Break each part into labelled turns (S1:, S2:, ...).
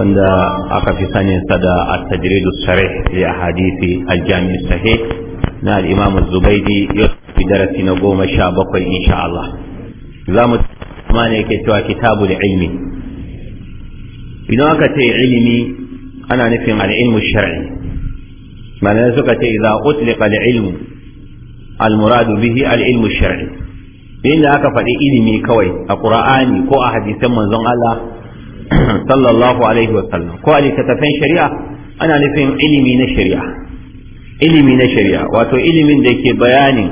S1: wanda aka fi saninsa da at-tajrid as-sarih li ahadithi al-jami' sahih na al-imam az-zubaydi fi darasi na goma sha bakwai insha Allah za mu kuma ne yake cewa kitabul ilmi idan aka ce ilimi ana nufin al-ilmu shar'i ma'ana suka ce idza utliqa al-ilmu al-muradu bihi al-ilmu shar'i inda aka faɗi ilimi kawai a qur'ani ko a hadisan manzon Allah sallallahu alaihi wa sallam ko a littattafan shari'a ana nufin ilimi na shari'a ilimi na shari'a wato ilimin da ke bayanin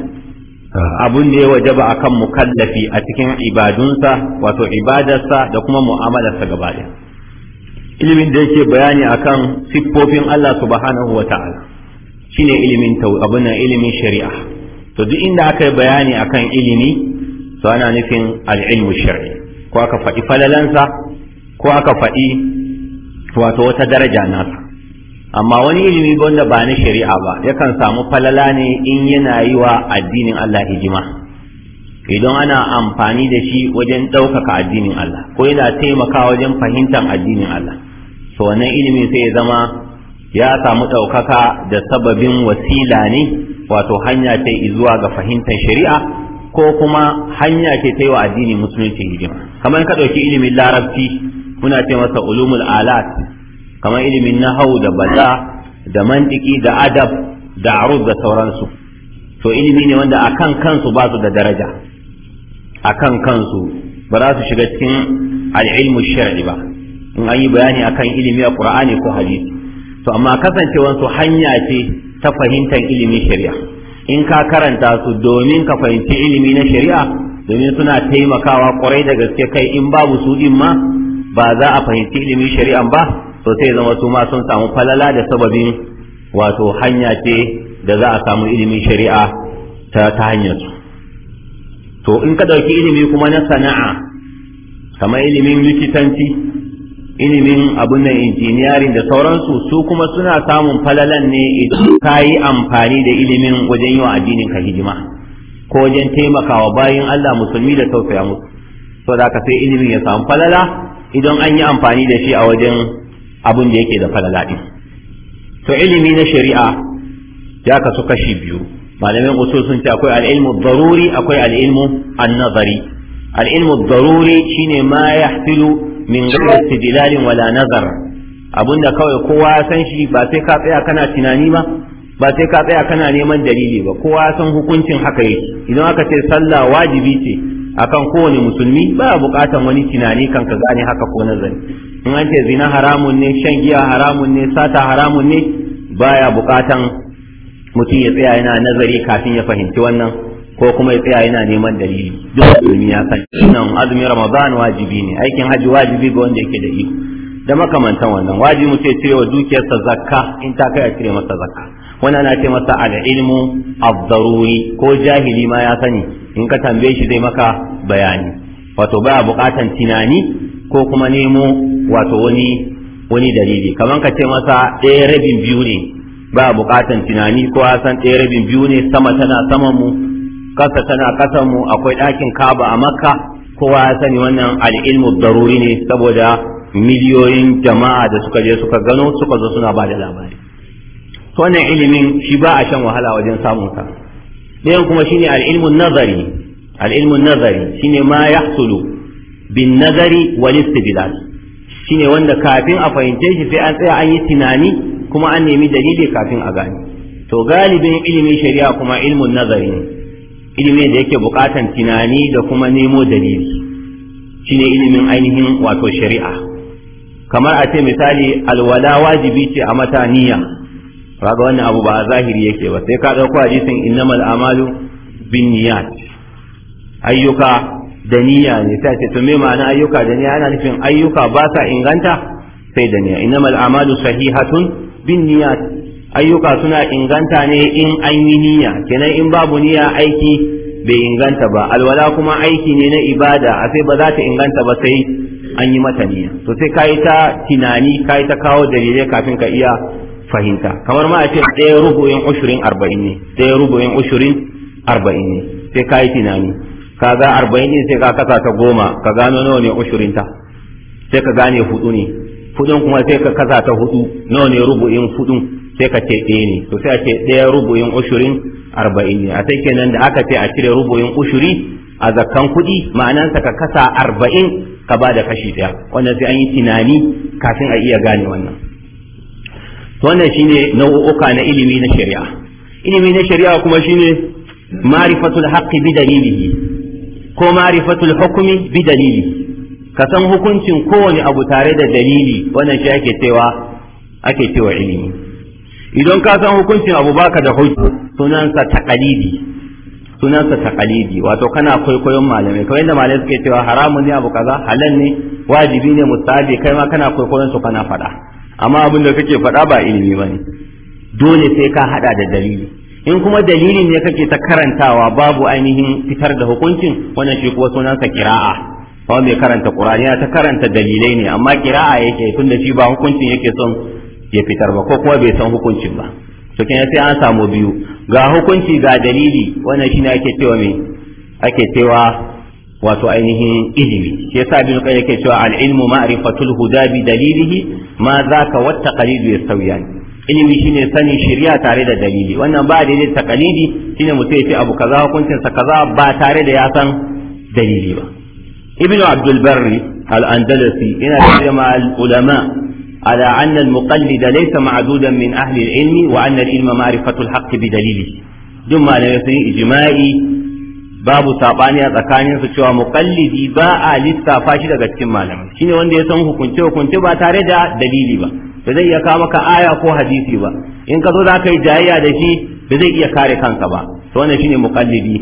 S1: ah, abun da ya wajaba akan mukallafi a cikin ibadunsa wato ibadarsa da kuma mu'amalarsa gaba ɗaya ilimin da yake bayani akan siffofin Allah subhanahu wa ta'ala shine ilimin abun nan ilimin shari'a to duk inda aka yi bayani akan ilimi to ana nufin al'ilmu ilmu shar'i ko aka faɗi falalansa ko aka faɗi wato wata daraja nasa amma wani ilimi wanda ba na shari'a ba yakan samu falala ne in yana yi wa addinin Allah hijima idan ana amfani da shi wajen ɗaukaka addinin Allah ko yana taimaka wajen fahimtar addinin Allah to wannan ilimi sai ya zama ya samu ɗaukaka da sababin wasila ne wato hanya ta zuwa ga fahimtar shari'a ko kuma hanya ce ta yi wa addinin musulunci hijima kamar ka ɗauki ilimin larabci muna ce masa ulumul alat kamar ilimin nahau da baza, da mantiki da adab da arud da sauransu to ilimi ne wanda akan kansu ba su da daraja akan kansu ba za su shiga cikin al'ilmu shar'i ba in an yi bayani akan ilimi a qur'ani ko hadisi to amma kasancewansu hanya ce ta fahimtar ilimin shari'a in ka karanta su domin ka fahimci ilimi na shari'a domin suna taimakawa kwarai da gaske kai in babu su din ma ba za a fahimci ilimin shari'an ba to sai zama su ma sun samu falala da sababin wato hanya ce da za a samu ilimin shari'a ta ta hanyar su to in ka dauki ilimi kuma na sana'a kamar ilimin likitanci ilimin abun nan injiniyarin da sauransu su kuma suna samun falalan ne idan ka yi amfani da ilimin wajen yi wa addinin ka hidima ko wajen taimakawa bayan Allah musulmi da tausaya musu to da ka sai ilimin ya samu falala idan an yi amfani da shi a wajen abin da yake da falala din to ilimi na shari'a ya kasu kashi biyu malamin usul sun ce akwai al-ilmu daruri akwai al-ilmu an-nazari al-ilmu daruri shine ma yahtilu min gaba istidlalin wala nazar da kawai kowa san shi ba sai ka tsaya kana tunani ba ba sai ka tsaya kana neman dalili ba kowa san hukuncin haka yake idan aka ce sallah wajibi ce akan kowane musulmi ba buƙatan wani tunani kan ka gane haka ko nazari in an ce zina haramun ne shan giya haramun ne sata haramun ne baya buƙatan mutum ya tsaya yana nazari kafin ya fahimci wannan ko kuma ya tsaya yana neman dalili duk musulmi ya san nan azumin ramadan wajibi ne aikin hajji wajibi ga wanda yake da iko da makamantan wannan wajibi mutum ya cire wa dukiyarsa zakka in ta kai a cire masa zakka wani ana ce masa al'ilmu abdaruri ko jahili ma ya sani in ka tambaye shi zai maka bayani wato baya bukatan tunani ko kuma nemo wato wani wani dalili kamar ka ce masa ɗaya rabin biyu ne baya bukatan tunani ko ya san ɗaya rabin biyu ne sama tana saman mu kasa tana kasan mu akwai ɗakin kaba a makka kowa ya sani wannan al'ilmu daruri ne saboda miliyoyin jama'a da suka je suka gano suka zo suna ba da labari wannan ilimin shi ba a shan wahala wajen samun sa ɗayan kuma shine al nazari al nazari shine ma yahsulu bin nazari wal istidlal shine wanda kafin a fahimce shi sai an tsaya an yi tunani kuma an nemi dalili kafin a gane to galibin ilimin shari'a kuma ilmun nazari ne ilimin da yake bukatan tunani da kuma nemo dalili shine ilimin ainihin wato shari'a kamar a ce misali alwala wajibi ce a mata niyya kaga wannan abu ba zahiri yake ba sai ka ko hadisin innamal amalu binniyat ayyuka da niyya ne sai ce to me ma'ana ayyuka da niyya ana nufin ayyuka ba sa inganta sai da niyya innamal amalu sahihatun binniyat ayyuka suna inganta ne in an yi niyya kenan in babu niyya aiki bai inganta ba alwala kuma aiki ne na ibada a sai ba za ta inganta ba sai an yi mata niyya to sai ka yi ta tinani ka yi ta kawo dalilai kafin ka iya fahimta kamar ma a ce ɗaya rubu'in ushirin arba'in ne ɗaya rubu'in ushirin arba'in ne sai ka yi tunani ka ga arba'in ne sai ka kasa ta goma ka gano nawa ne ushirin ta sai ka gane hudu ne hudun kuma sai ka kasa ta hudu nawa ne rubu'in hudun sai ka ce ɗaya ne to sai a ce ɗaya rubu'in ushirin arba'in ne a sai kenan da aka ce a cire rubu'in ushiri a zakkan kuɗi ma'anansa ka kasa arba'in ka ba da kashi ɗaya wannan sai an yi tunani kafin a iya gane wannan wannan shine nau'uka na ilimi na shari'a ilimi na shari'a kuma shine ma'rifatul haqqi bi dalilihi ko ma'rifatul hukmi bi dalili ka san hukuncin kowane abu tare da dalili wannan shi ake cewa ake cewa ilimi idan ka san hukuncin abu baka da hujja sunansa taqalidi sunansa taqalidi wato kana kwaikwayon malamai kawai da malamai suke cewa haramun ne abu kaza halal ne wajibi ne mustahabi kai ma kana kwaikwayon su kana faɗa amma abin da kake faɗa ba ilimi ba ne dole sai ka haɗa da dalili in kuma dalilin ne kake ta karantawa babu ainihin fitar da hukuncin wannan shi kuwa sunansa kira'a kawai mai karanta qur'ani ta karanta dalilai ne amma kira'a yake tunda shi ba hukuncin yake son ya fitar ba ko kuma bai san hukuncin ba to kenan sai an samu biyu ga hukunci ga dalili wannan ne ake cewa me ake cewa wato ainihin ilimi shi yasa bin kai yake cewa al ilmu ma'rifatul huda bi dalilihi ma zaka watta qalidu yastawiyan ilimi shine sani shari'a tare da dalili wannan ba daidai taqalidi shine mutum yace abu kaza hukuncin sa kaza ba tare da ya san dalili ba ibnu abdul barri al andalusi yana cewa al ulama على أن المقلد ليس معدودا ilmi أهل العلم وأن العلم معرفة الحق dun ثم على يسري إجماعي babu saɓani a tsakanin su cewa muqallidi ba a lissafa shi daga cikin malamai shine wanda ya san hukunce hukunce ba tare da dalili ba ba zai iya kawo maka aya ko hadisi ba in ka zo za ka yi jayayya da shi ba zai iya kare kanka ba to wannan shine muqallidi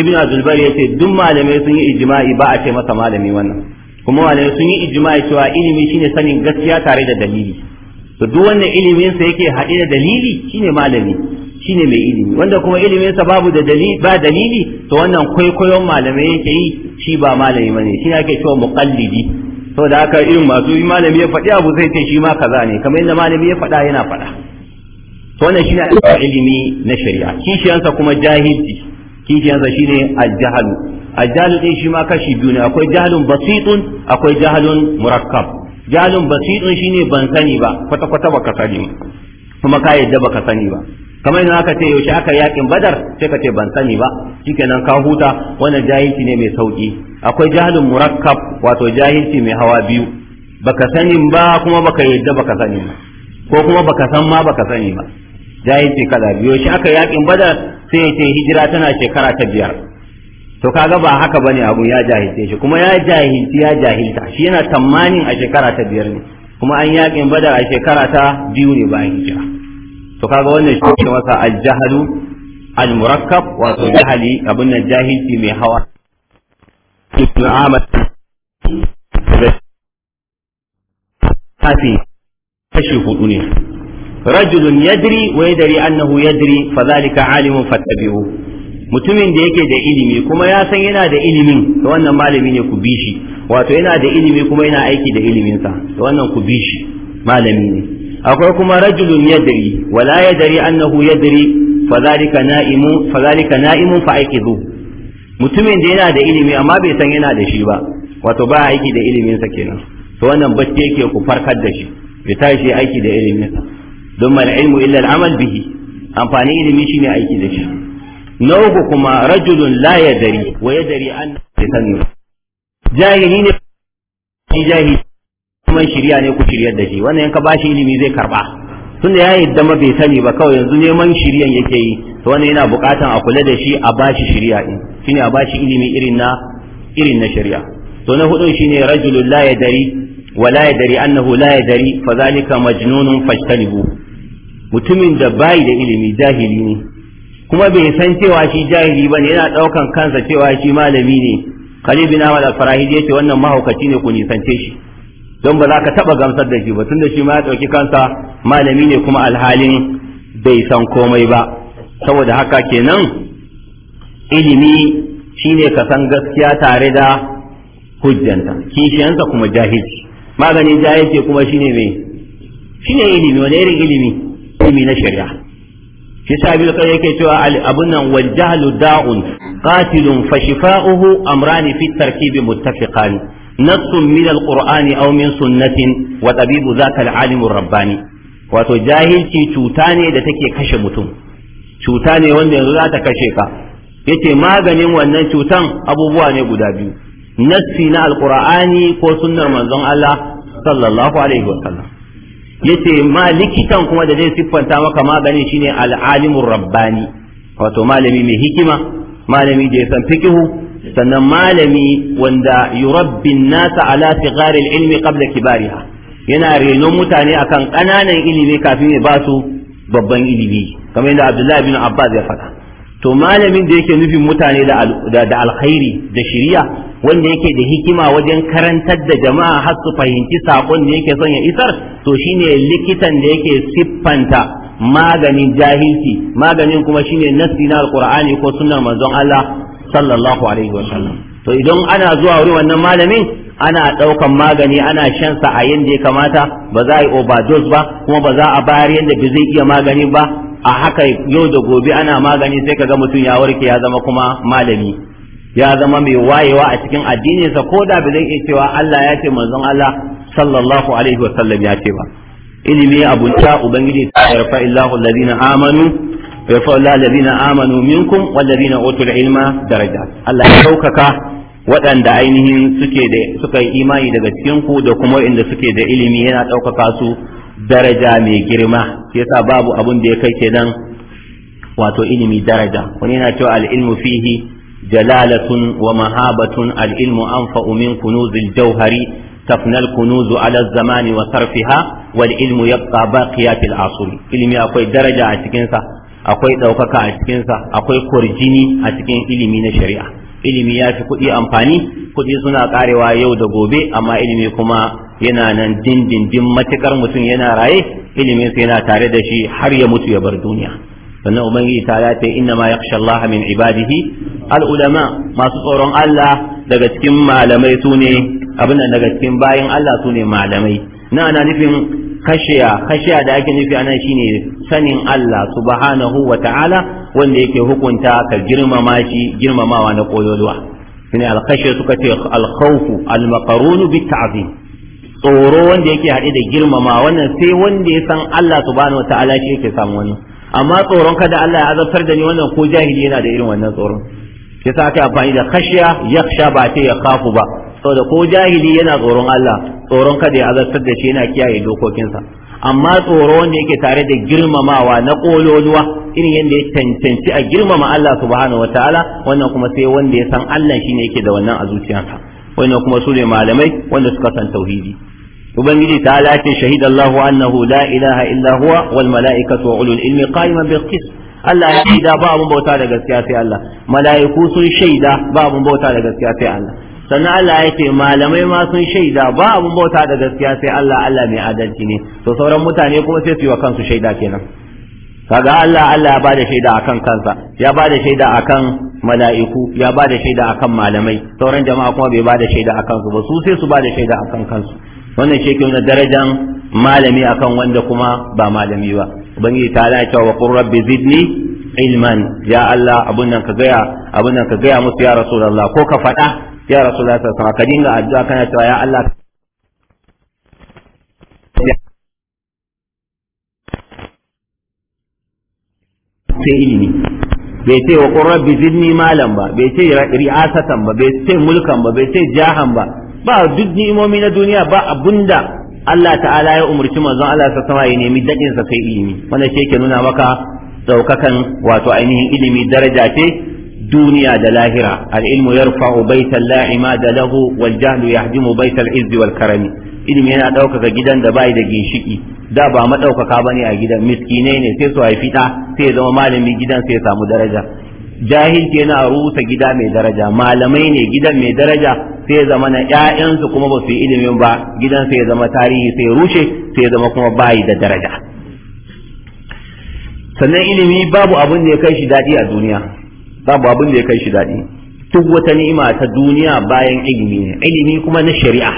S1: ibn azulbar yace duk malamai sun yi ijma'i ba a ce masa malami wannan kuma malamai sun yi ijma'i cewa ilimi shine sanin gaskiya tare da dalili to duk wannan ilimin sa yake haɗe da dalili shine malami shine mai ilimi wanda kuma ilimin sa babu da dalili ba dalili to wannan kwaikwayon malamai yake yi shi ba malami bane shi ake cewa muqallidi saboda haka irin masu yi malami ya faɗi abu zai ce shi ma kaza ne kamar yadda malami ya faɗa yana faɗa to wannan shine ilimi na shari'a kishiyansa kuma jahilci kishiyansa shine al-jahalu al-jahalu din shi ma kashi biyu ne akwai jahlun basitun akwai jahlun murakkab jahlun basitun shine ban sani ba kwata kwata baka sani kuma ka yadda baka sani ba kamar yadda aka ce yaushe aka yakin badar sai ka ce ban sani ba shikenan ka huta wannan jahilci ne mai sauki akwai jahilin murakkab wato jahilci mai hawa biyu baka sanin ba kuma baka yadda baka sani ba ko kuma baka san ma baka sani ba jahilci kala biyu shi aka yakin badar sai ya ce hijira tana shekara ta biyar to kaga ba haka bane abu ya jahilce shi kuma ya jahilci ya jahilta shi yana tamanin a shekara ta biyar ne kuma an yakin badar a shekara ta biyu ne ba hijira to kaga wannan shi ke masa al-jahalu al-murakkab wato jahali abin nan jahilci mai hawa ibn kashi hudu ne rajulun yadri wa annahu yadri fadhalika alimun mutumin da yake da ilimi kuma ya san yana da ilimi, to wannan malami ne ku bi shi wato yana da ilimi kuma yana aiki da iliminsa to wannan ku bi shi malami ne akwai kuma rajulun yadri wala yadri annahu yadri fadhalika na'imun fadhalika na'imun fa aikidu mutumin da yana da ilimi amma bai san yana da shi ba wato ba aiki da ilimin sa kenan to wannan bacci yake ku farkar da shi ya tashi aiki da ilimin sa don mal ilmu illa al'amal bihi amfani ilimi shi ne aiki da shi na uku kuma rajulun la yadri wa yadri annahu yadri jahili ne jahili kuma shirya ne ku shiryar da shi wannan yanka bashi ilimi zai karba tunda ya yadda ma bai sani ba kawai yanzu neman shiryan yake yi to wannan yana bukatan a kula da shi a bashi shirya din shine a bashi ilimi irin na irin na shari'a to na hudun shine rajulun la yadari wa la yadari annahu la yadari fa zalika majnunun fajtanibu mutumin da bai da ilimi jahili ne kuma bai san cewa shi jahili ne, yana daukan kansa cewa shi malami ne khalid bin ahmad al-farahidi yace wannan mahaukaci ne ku nisance shi don ba za ka taɓa gamsar da shi ba da shi ma ya ɗauki kansa malami ne kuma alhalin bai san komai ba saboda haka kenan ilimi shine ka san gaskiya tare da hujjanta kishiyansa kuma jahilci maganin jahilci kuma shine mai ilimi wani irin ilimi ilimi na shari'a shi sabi da yake cewa abun nan wal da'un qatilun fa shifa'uhu amrani fi tarkibi muttafiqan nassun min alqur'ani aw sunnatin wa tabibu zaka alalimur rabbani wato jahilci cuta ne da take kashe mutum cuta ne wanda yanzu za ta kashe ka yace maganin wannan cutan abubuwa ne guda biyu nassi na alqur'ani ko sunnar manzon Allah sallallahu alaihi wasallam yace ma likitan kuma da zai siffanta maka magani shine al'alimur rabbani wato malami mai hikima malami da ya san fikihu sannan malami wanda yurabbin nasa ala sigaril ilmi qabla kibariha yana renon mutane akan ƙananan ilimi kafin ya ba su babban ilimi kamar yadda Abdullahi bin Abbas ya faɗa to malamin da yake nufin mutane da da alkhairi da shiriya wanda yake da hikima wajen karantar da jama'a har su fahimci sakon da yake son ya isar to shine likitan da yake siffanta maganin jahilci maganin kuma shine nassi na alqur'ani ko sunnar manzon Allah sallallahu alaihi wa sallam to idan ana zuwa wurin wannan malamin ana ɗaukan magani ana shan sa a yanda ya kamata ba za a yi overdose ba kuma ba za a bayar yanda ba zai iya magani ba a haka yau da gobe ana magani sai ka ga mutum ya warke ya zama kuma malami ya zama mai wayewa a cikin addininsa ko da ba zai iya cewa Allah ya ce manzon Allah sallallahu alaihi wa sallam ya ce ba ilimi ta ubangiji ta yarfa illahu alladhina amanu yarfa alladhina amanu minkum walladhina utul ilma daraja Allah ya daukaka waɗanda ainihin suke suka yi imani daga cikin ku da kuma inda suke da ilimi yana ɗaukaka su daraja mai girma shi yasa babu abin da ya kai kenan wato ilimi daraja wani yana cewa al-ilmu fihi جلالة ومهابة العلم أنفأ من كنوز الجوهر تفنى الكنوز على الزمان وصرفها والعلم يبقى باقية العصر akwai daraja درجة cikinsa. akwai ɗaukaka a cikinsa akwai kurjini a cikin ilimi na shari'a ilimi ya fi kuɗi amfani kuɗi suna karewa yau da gobe amma ilimi kuma yana nan dindindin matukar mutum yana raye ilimin sa yana tare da shi har ya mutu ya bar duniya sannan ubangiji ta ya ce inna ma yakhsha Allah min ibadihi al ulama masu tsoron Allah daga cikin malamai sune abin daga cikin bayin Allah sune malamai na ana nufin kashiya kashiya da ake nufi anan shine sanin Allah subhanahu wa ta'ala wanda yake hukunta ka girmama shi girmamawa na koyoluwa shine al-khashiya suka ce al-khawfu al-maqrun bi ta'zim tsoro wanda yake haɗe da girmama wannan sai wanda ya san Allah subhanahu wa ta'ala shi yake samu wannan amma tsoron kada Allah ya azabtar da ni wannan ko jahili yana da irin wannan tsoron sai sa aka amfani da khashiya yakhsha ba ta ya khafu ba saboda ko jahili yana tsoron Allah tsoron kada ya azartar da shi yana kiyaye dokokinsa amma tsoro wanda yake tare da girmamawa na kololuwa irin yadda ya cancanci a girmama Allah subhanahu wataala wannan kuma sai wanda ya san Allah shine yake da wannan a zuciyarsa wannan kuma su ne malamai wanda suka san tauhidi ubangiji ta lace shahid Allah annahu la ilaha illa huwa wal malaikatu wa ulul ilmi qa'iman bil qist Allah ya shaida ba abun bauta da gaskiya sai Allah mala'iku sun shaida ba abun bauta da gaskiya sai Allah sannan Allah ya ce malamai ma sun shaida ba abun bauta da gaskiya sai Allah Allah mai adalci ne to sauran mutane kuma sai su yi wa kansu shaida kenan kaga Allah Allah ya bada shaida akan kansa ya bada shaida akan mala'iku ya bada shaida akan malamai sauran jama'a kuma bai bada shaida akan su ba su sai su bada shaida akan kansu wannan shi ke nuna darajan malami akan wanda kuma ba malami ba ubangiji ta ala cewa wa qur rabbi zidni ilman ya Allah abun nan ka gaya abun nan ka gaya musu ya rasulullah ko ka faɗa ya rasu za su sama kadin ga addu'a kana cewa ya Allah sai ilimi bai ce wa qurra bi zidni malam ba bai ce ri'asatan ba bai ce mulkan ba bai ce jahan ba ba duk ni'imomi na duniya ba abunda Allah ta'ala ya umarci manzon Allah ta sama ya nemi dadin sa kai ilimi wanda ke yake nuna maka ɗaukakan wato ainihin ilimi daraja ce duniya da lahira al-ilmu yarfa'u baitan la'ima da lahu wal jahlu yahdimu baital izzi wal karami ilimi yana ɗaukaka gidan da bai da ginshiki da ba madaukaka bane a gidan miskinai ne sai su haifi da sai zama malamin gidan sai ya samu daraja jahilci yana rusa gida mai daraja malamai ne gidan mai daraja sai zama na ƴaƴansu kuma ba su yi ilimin ba gidan sai zama tarihi sai rushe sai zama kuma bayi da daraja sannan ilimi babu abin da ya kai shi daɗi a duniya babu abin da ya kai shi daɗi duk wata ni'ima ta duniya bayan ilimi ne ilimi kuma na shari'a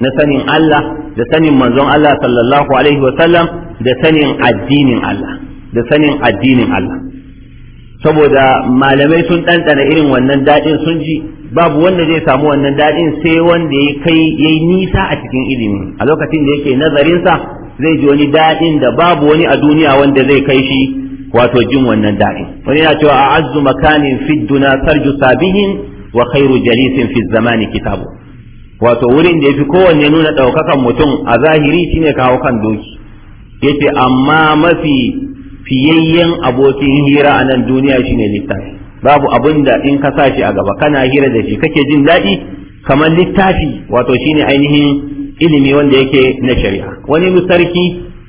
S1: na sanin Allah da sanin manzon Allah sallallahu alaihi wa sallam da sanin addinin Allah da sanin addinin Allah saboda malamai sun ɗanɗana irin wannan daɗin sun ji babu wanda zai samu wannan daɗin sai wanda ya kai ya yi nisa a cikin ilimi a lokacin da yake nazarinsa zai ji wani daɗin da babu wani a duniya wanda zai kai shi wato jin wannan daɗi wani yana cewa a'azzu makanin fi duna sarju sabihin wa khairu jalisin fi zamani kitabu wato wurin da yafi kowanne nuna ɗaukakan mutum a zahiri shine kawo kan doki yace amma mafi fiyayyen abokin hira a nan duniya shine littafi babu abin da in ka sashi a gaba kana hira da shi kake jin daɗi kamar littafi wato shine ainihin ilimi wanda yake na shari'a wani sarki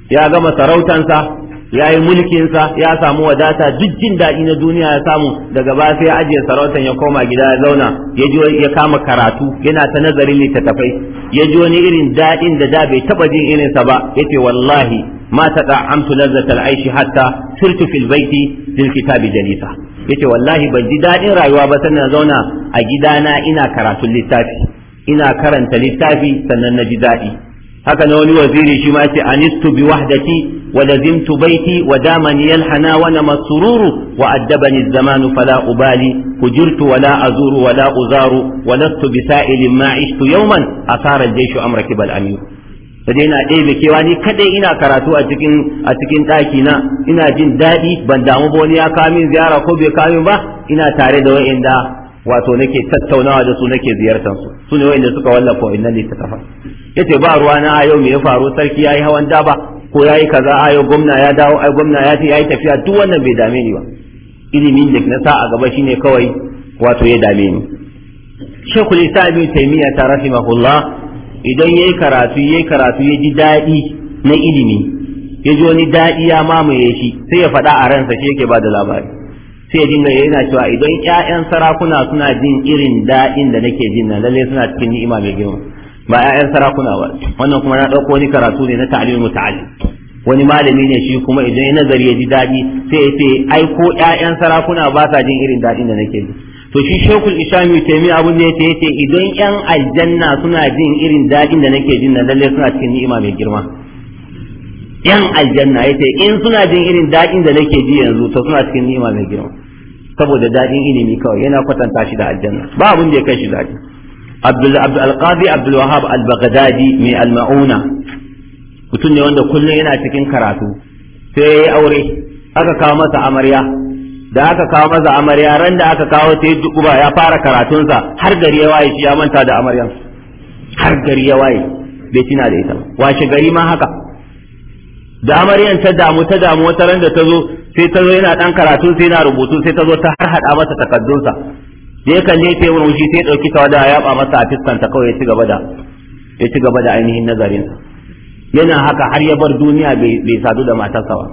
S1: ya gama sarautansa ya yi mulkinsa ya samu wadata duk jin daɗi na duniya ya samu daga ba sai ajiye sarautan ya koma gida ya zauna ya kama karatu yana ta nazarin littattafai ya ji wani irin daɗin da da bai taɓa jin irinsa ba yace wallahi ma ta ta'amtu lazzata aishi hatta sirtu fil baiti lil kitabi jalisa yace wallahi ban ji daɗin rayuwa ba sannan zauna a gidana ina karatun littafi ina karanta littafi sannan na ji daɗi haka na wani waziri shi ma yace anistu bi wahdati wa lazimtu baiti wa damani yalhana wa nama sururu wa addabani zamanu fala ubali hujirtu wa la azuru wa la uzaru wa lastu bi sa'ilin ma ishtu yawman asara al-jayshu amra kibal amir ina ɗebe kewa ni kadai ina karatu a cikin a cikin ɗaki na ina jin daɗi ban damu ba wani ya kawo min ziyara ko bai kawo min ba ina tare da wa'inda wato nake tattaunawa da su nake ziyartar su su ne wanda suka wallafa wa'annan littattafan yace ba ruwa na ayo me ya faru sarki yayi hawan daba ko yayi kaza ayo gwamna ya dawo ai gwamna ya ce yayi tafiya duk wannan bai dame ni ba ilimin da na sa a gaba shine kawai wato ya dame ni shekul islam ibn taymiya ta rahimahullah idan yayi karatu yayi karatu ya ji dadi na ilimi ya ji wani dadi ya mamaye shi sai ya faɗa a ransa shi yake ba da labari sai jin dinga yana cewa idan ƴaƴan sarakuna suna jin irin daɗin da nake jin nan lalle suna cikin ni'ima mai girma ba ƴaƴan sarakuna ba wannan kuma na ɗauko wani karatu ne na ta'alimin muta'allim wani malami ne shi kuma idan ya nazari ya ji daɗi sai ya ce ai ko ƴaƴan sarakuna ba sa jin irin daɗin da nake ji to shi shekul islami taimiya abun da ya ce idan ƴan aljanna suna jin irin daɗin da nake jin nan lalle suna cikin ni'ima mai girma yan aljanna yace in suna jin irin daɗin da nake ji yanzu to suna cikin ni'ima mai girma saboda daɗin ilimi kawai yana kwatanta shi da aljanna ba abin da ya kai shi daɗi abdul alqadi abdul wahab al-baghdadi mai al-mauna mutum ne wanda kullum yana cikin karatu sai ya yi aure aka kawo masa amarya da aka kawo masa amarya ran da aka kawo sai dukuba ya fara karatunsa har gari ya waye shi ya manta da amaryan har gari ya waye bai tina da ita washe gari ma haka da amaryan ta damu ta damu wata ran da ta zo sai ta zo yana dan karatu sai yana rubutu sai ta zo ta har hada masa takaddunsa da ya kalle ta wurin shi sai dauki wada ya yaba masa a fiskanta kawai ya ci gaba da ya ci gaba da ainihin nazarinsa yana haka har ya bar duniya bai sadu da matarsa ba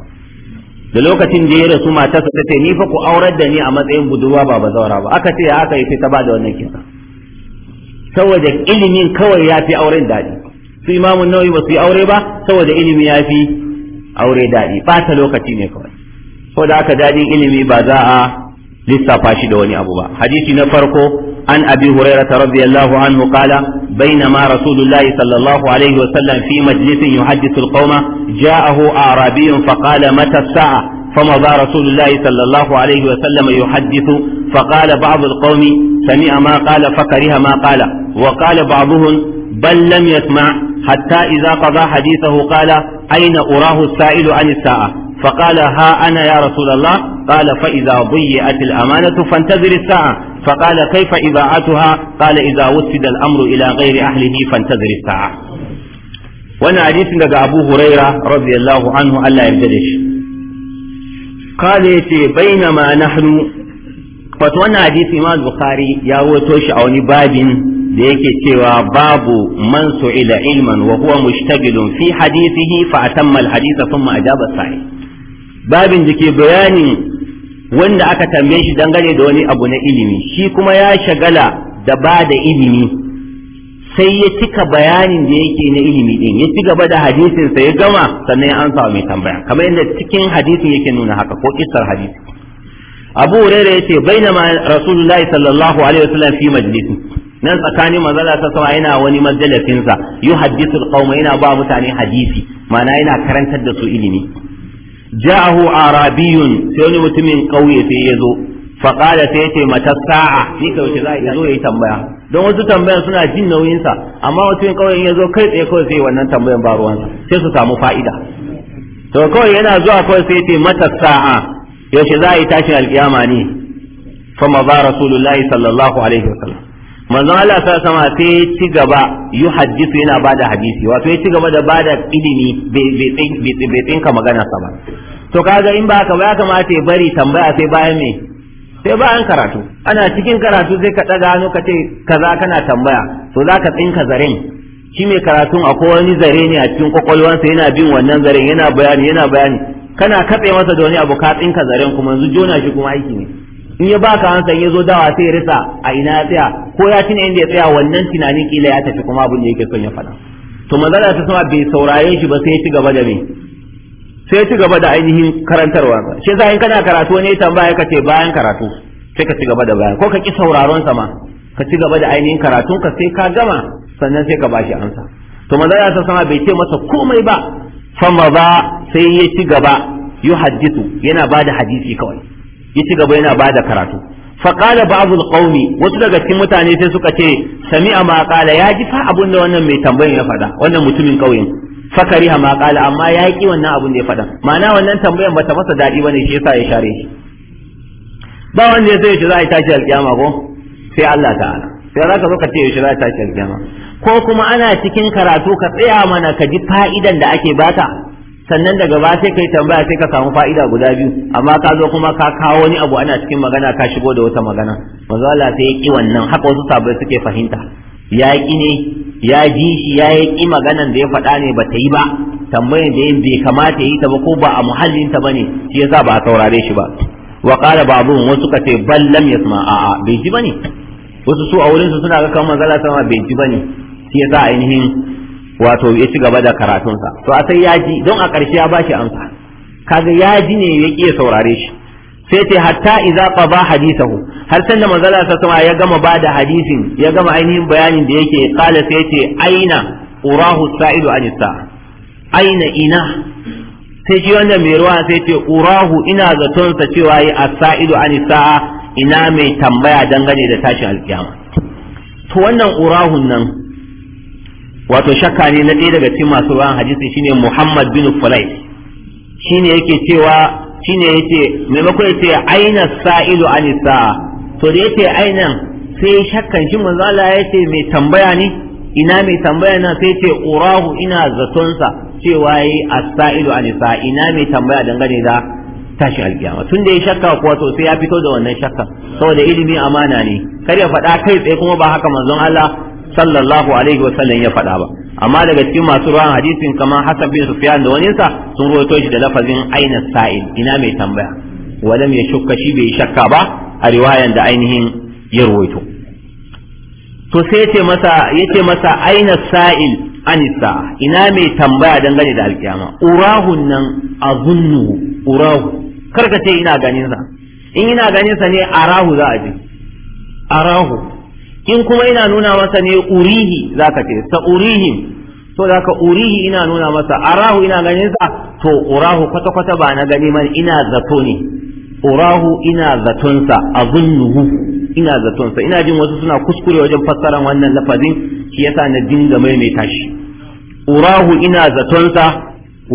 S1: da lokacin da ya rasu matarsa ta ce ni fa ku aurar da ni a matsayin budurwa ba ba zaura ba aka ce aka yi sai ta bada wannan kisa saboda ilimin kawai ya fi auren daɗi su imamun nawawi ba su yi aure ba saboda ilimi ya fi aure daɗi ɓata lokaci ne kawai ko da aka daɗin ilimi ba za a lissafa shi da wani abu ba hadisi na farko an abi hurairah radiyallahu anhu qala bainama rasulullahi sallallahu alaihi wa sallam fi majlisin yuhaddithu alqauma ja'ahu arabiyyun faqala mata as-sa'a فمضى رسول الله صلى الله عليه وسلم يحدث فقال بعض القوم سمع ما قال فكره ما قال وقال بعضهم بل لم يسمع حتى إذا قضى حديثه قال أين أراه السائل عن الساعة فقال ها أنا يا رسول الله قال فإذا ضيعت الأمانة فانتظر الساعة فقال كيف إذاعتها قال إذا وسد الأمر إلى غير أهله فانتظر الساعة وانا حديث لك أبو هريرة رضي الله عنه ألا يبتدش قال بينما نحن فتوانا حديث إمام البخاري يا وتوش أو نباب da yake cewa babu man su'ila ilman wa huwa mushtaghilun fi hadithihi fa atamma al thumma ajaba sa'i babin dake bayanin wanda aka tambaye shi dangane da wani abu na ilimi shi kuma ya shagala da ba da ilimi sai ya cika bayanin da yake na ilimi din ya ci gaba da hadisin ya gama sannan ya ansa mai tambaya kamar yadda cikin hadisin yake nuna haka ko kissar hadisi Abu Hurairah yace bainama Rasulullahi sallallahu alaihi wasallam fi majlisin nan tsakanin manzala ta sama yana wani majalisinsa yuhaddithu alqauma yana ba mutane hadisi ma'ana yana karantar da su ilimi ja'ahu arabiyun sai wani mutumin kauye sai ya zo faƙada sai yace mata sa'a ni kauye za ya zo yayi tambaya don wasu tambayan suna jin nauyin sa amma mutumin kauyen ya zo kai tsaye kawai sai wannan tambayan ba ruwansa sai su samu fa'ida to kawai yana zuwa kawai sai yace mata sa'a yaushe za a yi tashin alkiyama ne fa maza ba rasulullahi sallallahu alaihi wasallam manzon Allah sa sama sai ya ci gaba yu hadisi yana bada hadisi wato ya ci gaba da bada ilimi bai tsinka magana sa ba to kaga in ba ka ba ya kamata ya bari tambaya sai bayan me sai bayan karatu ana cikin karatu sai ka daga hannu ka ce kaza kana tambaya to za ka tsinka zaren shi mai karatun akwai wani zare ne a cikin kwakwalwansa yana bin wannan zaren yana bayani yana bayani kana katse masa da wani abu ka tsinka zaren kuma yanzu jona shi kuma aiki ne in ya baka hansa ya zo dawa sai risa a ina tsaya ko ya tuna inda ya tsaya wannan tunanin kila ya tafi kuma abin da yake son ya faɗa to manzala ta sama bai saurare shi ba sai ya ci gaba da me sai ya ci gaba da ainihin karantarwa shi yasa in kana karatu ne tambaya ka ce bayan karatu sai ka ci gaba da bayan ko ka ki sauraron sa ma ka ci gaba da ainihin karatun ka sai ka gama sannan sai ka bashi amsa to manzala ta sama bai ce masa komai ba fama ba sai ya ci gaba yuhaddisu yana bada hadisi kawai ya ci gaba yana bada karatu faƙala ba'dul qaumi wasu daga cikin mutane sai suka ce sami'a ma kala ya ji fa abun da wannan mai tambayan ya faɗa wannan mutumin ƙauyen fakariha ma kala amma ya ki wannan abun da ya faɗa ma'ana wannan tambayan bata masa daɗi bane shi yasa ya share shi ba wanda ya zai shi za a tashi alƙiyama ko sai Allah ta'ala sai za ka zo ka ce shi za a tashi alƙiyama ko kuma ana cikin karatu ka tsaya mana ka ji fa'idan da ake bata sannan daga ba sai kai tambaya sai ka samu fa'ida guda biyu amma ka zo kuma ka kawo wani abu ana cikin magana ka shigo da wata magana manzo Allah sai ya wannan haka wasu sabai suke fahimta ya ki ne ya ji shi ya yi maganan da ya faɗa ne ba ta yi ba tambayar da yin bai kamata yi ta ba ko ba a muhallin ta bane shi yasa ba a saurare shi ba wa qala ba'dhum wasu suka ce bal lam yasma a'a bai ji bane wasu su a wurin su suna ga kamar manzo Allah bai ji bane shi yasa ainihin wato ya ci gaba da karatunsa to a sai ya ji don a ƙarshe ya bashi amsa kaga ya ji ne ya ƙi saurare shi sai ce hatta idza qaba hadithahu har san da manzala sa sama ya gama ba da hadisin ya gama ainihin bayanin da yake kala sai ce aina urahu sa'idu an aina ina sai ji wanda mai ruwa sai ce urahu ina zaton sa cewa yi asaidu saidu an ina mai tambaya dangane da tashin alkiyama to wannan urahun nan wato shakka ne na ɗaya daga cikin masu ruwan hadisi shine Muhammad bin Fulay shine yake cewa shine yace maimakon yace aina sa'ilu an to da yace aina sai shakkan shi manzo Allah yace mai tambaya ne ina mai tambaya na sai yace urahu ina zaton sa cewa yi as-sa'ilu an ina mai tambaya dangane da tashi alkiyama tun da ya shakka ko to sai ya fito da wannan shakka saboda ilimi amana ne kar ya faɗa kai tsaye kuma ba haka manzon Allah sallallahu alaihi wa sallam ya faɗa ba amma daga cikin masu ruwan hadisin kamar Hassan bin Sufyan da waninsa sun ruwaito shi da lafazin aina sa'il ina mai tambaya walam ya shukka shi bai shakka ba a riwayan da ainihin ya ruwaito to sai yace masa yace masa aina sa'il anisa ina mai tambaya dangane da alkiyama urahu nan azunnu urahu karka ce ina ganin sa in ina ganin sa ne arahu za a je arahu in kuma ina nuna masa ne urihi za ka ce ta urihim to ka urihi ina nuna masa arahu ina ganin sa to urahu kwata kwata ba na gani man ina zato ne urahu ina zaton sa azunnuhu ina zaton ina jin wasu suna kuskure wajen fassara wannan lafazin shi yasa na dinga maimaita shi urahu ina zaton sa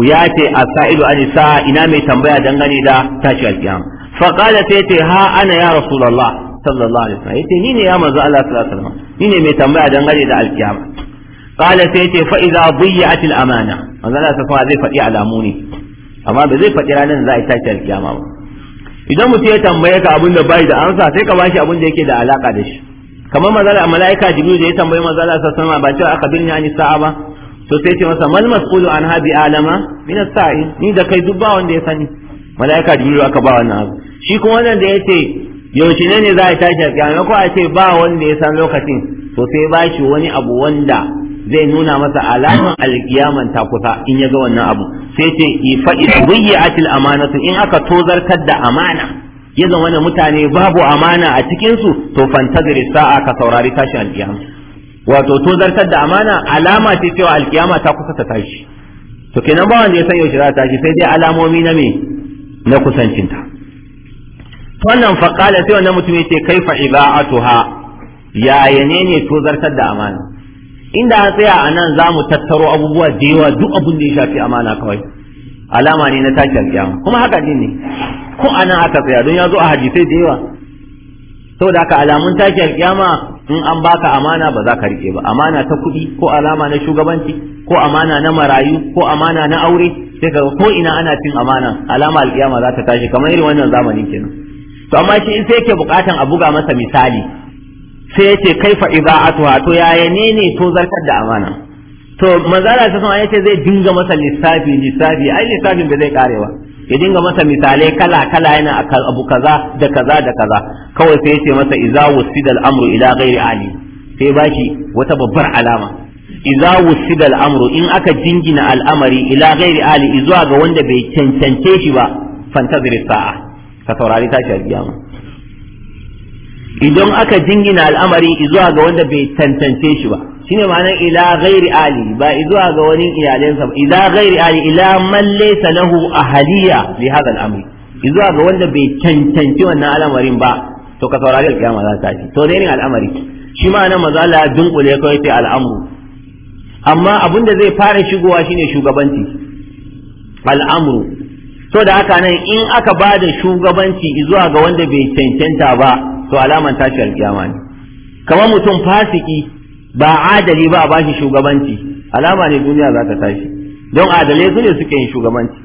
S1: ya ce a sa'idu an sa ina mai tambaya dangane da tashi alkiyama fa qala sai ha ana ya rasulullah sallallahu alaihi wasallam yace ni ne ya manzo Allah sallallahu alaihi wasallam ni ne mai tambaya dangane da alkiyama qala sai yace fa idza dhiyat al amana manzo Allah sallallahu alaihi zai faɗi alamu ne amma ba zai faɗi ranar za a tashi alkiyama ba idan mutum ya tambaye ka abin da bai da amsa sai ka bashi abin da yake da alaka da shi kamar manzo malaika jibril da ya tambaye manzo Allah sallallahu alaihi wasallam ba cewa akabilni ani sa'a ba to sai ce masa mal mas'ulu an hadi alama min as-sa'i ni da kai duk wanda ya sani malaika jibril aka ba wannan abu shi kuma wannan da yace yaushe ne ne za a tashi a kiyama ko a ce ba wanda ya san lokacin to sai ba shi wani abu wanda zai nuna masa alamun alkiyaman ta kusa in ya ga wannan abu sai ce cikin amana amanatu in aka tozartar da amana ya zama da mutane babu amana a cikin su to fantazari sa'a ka saurari tashi alkiyama wato tozartar da amana alama ce cewa alkiyama ta kusa ta tashi to kenan ba wanda ya san yaushe za ta tashi sai dai alamomi na me na kusancinta wannan faƙala sai wannan mutum yace fa iba'atuha ya ne ne to zartar da amana inda an tsaya a nan za mu tattaro abubuwa da yawa duk abin da ya shafi amana kawai alama ne na tashi kiyama kuma haka din ne ko a nan aka tsaya don ya zo a hadisai da yawa saboda haka alamun tashi kiyama in an baka amana ba za ka rike ba amana ta kuɗi ko alama na shugabanci ko amana na marayu ko amana na aure sai ka ko ina ana cin amana alama alkiyama za ta tashi kamar irin wannan zamanin kenan to amma shi in sai yake bukatan a buga masa misali sai yace kaifa ibaatuha to yaya ne ne to zartar da amana to manzara ta sama yace zai dinga masa lissafi lissafi ai lissafin bai zai karewa ya dinga masa misalai kala kala yana abu kaza da kaza da kaza kawai sai yace masa idza wusida al-amru ila ghairi ali sai bashi wata babbar alama idza wusida al-amru in aka jingina al'amari ila ghairi ali zuwa ga wanda bai cancance shi ba fantazir sa'a ka saurari tashi alkiyama idan aka jingina al'amari zuwa ga wanda bai tantance shi ba shine ma'anar ila ghairi ali ba zuwa ga wani iyalansa ba ila ghairi ali ila man laysa lahu ahaliya li hadha al-amri zuwa ga wanda bai tantance wannan al'amarin ba to ka saurari alkiyama za ta ci to dai ne al'amari shi ma nan maza Allah dunkule kai sai al'amru amma abin da zai fara shigowa shine shugabanci al'amru so da haka nan in aka ba da shugabanci zuwa ga wanda bai cancanta ba to alaman tashi alkiyama ne kamar mutum fasiki ba adali ba a shi shugabanci alama ne duniya za ta tashi don adalai su ne suke yin shugabanci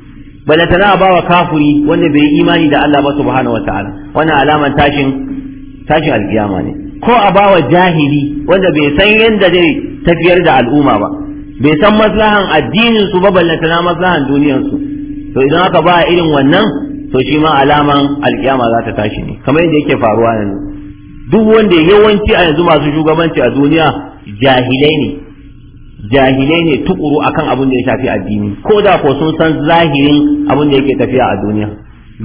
S1: bala tana ba wa kafuri wanda bai yi imani da Allah ba subhanahu wataala wannan alaman tashin tashin alkiyama ne ko a ba wa jahili wanda bai san yadda zai tafiyar da al'umma ba bai san maslahan addinin su ba ballantana maslahan duniyar su to idan aka ba irin wannan to shi ma alaman alkiyama za ta tashi ne kamar yadda yake faruwa yanzu duk wanda yawanci a yanzu masu shugabanci a duniya jahilai ne jahilai ne tukuru akan abin da ya shafi addini ko da ko sun san zahirin abin da yake tafiya a duniya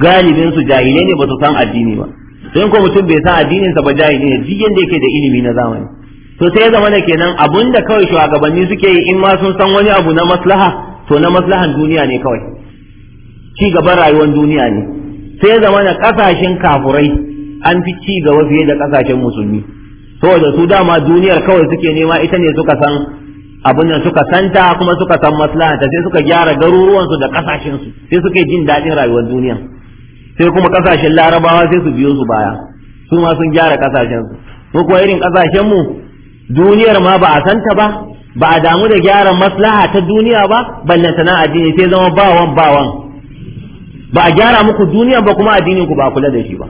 S1: galibin su jahilai ne ba su san addini ba sai ko mutum bai san addinin sa ba jahili ne duk yanda yake da ilimi na zamani to sai ya zama da kenan abin da kawai shugabanni suke yi in ma sun san wani abu na maslaha to na maslahan duniya ne kawai ci gaban rayuwar duniya ne sai zama na kasashen kafurai an fi ci gaba fiye da kasashen musulmi saboda su dama duniyar kawai suke nema ita ne suka san abin nan suka santa kuma suka san maslahanta sai suka gyara garuruwansu da kasashen su sai suke jin dadin rayuwar duniya sai kuma kasashen larabawa sai su biyo su baya su ma sun gyara kasashen su, ko kuwa irin kasashen mu duniyar ma ba a santa ba ba a damu da gyaran maslaha ta duniya ba ballantana addini sai zama bawan bawan ba a gyara muku duniya ba kuma addinin ku ba a kula da shi ba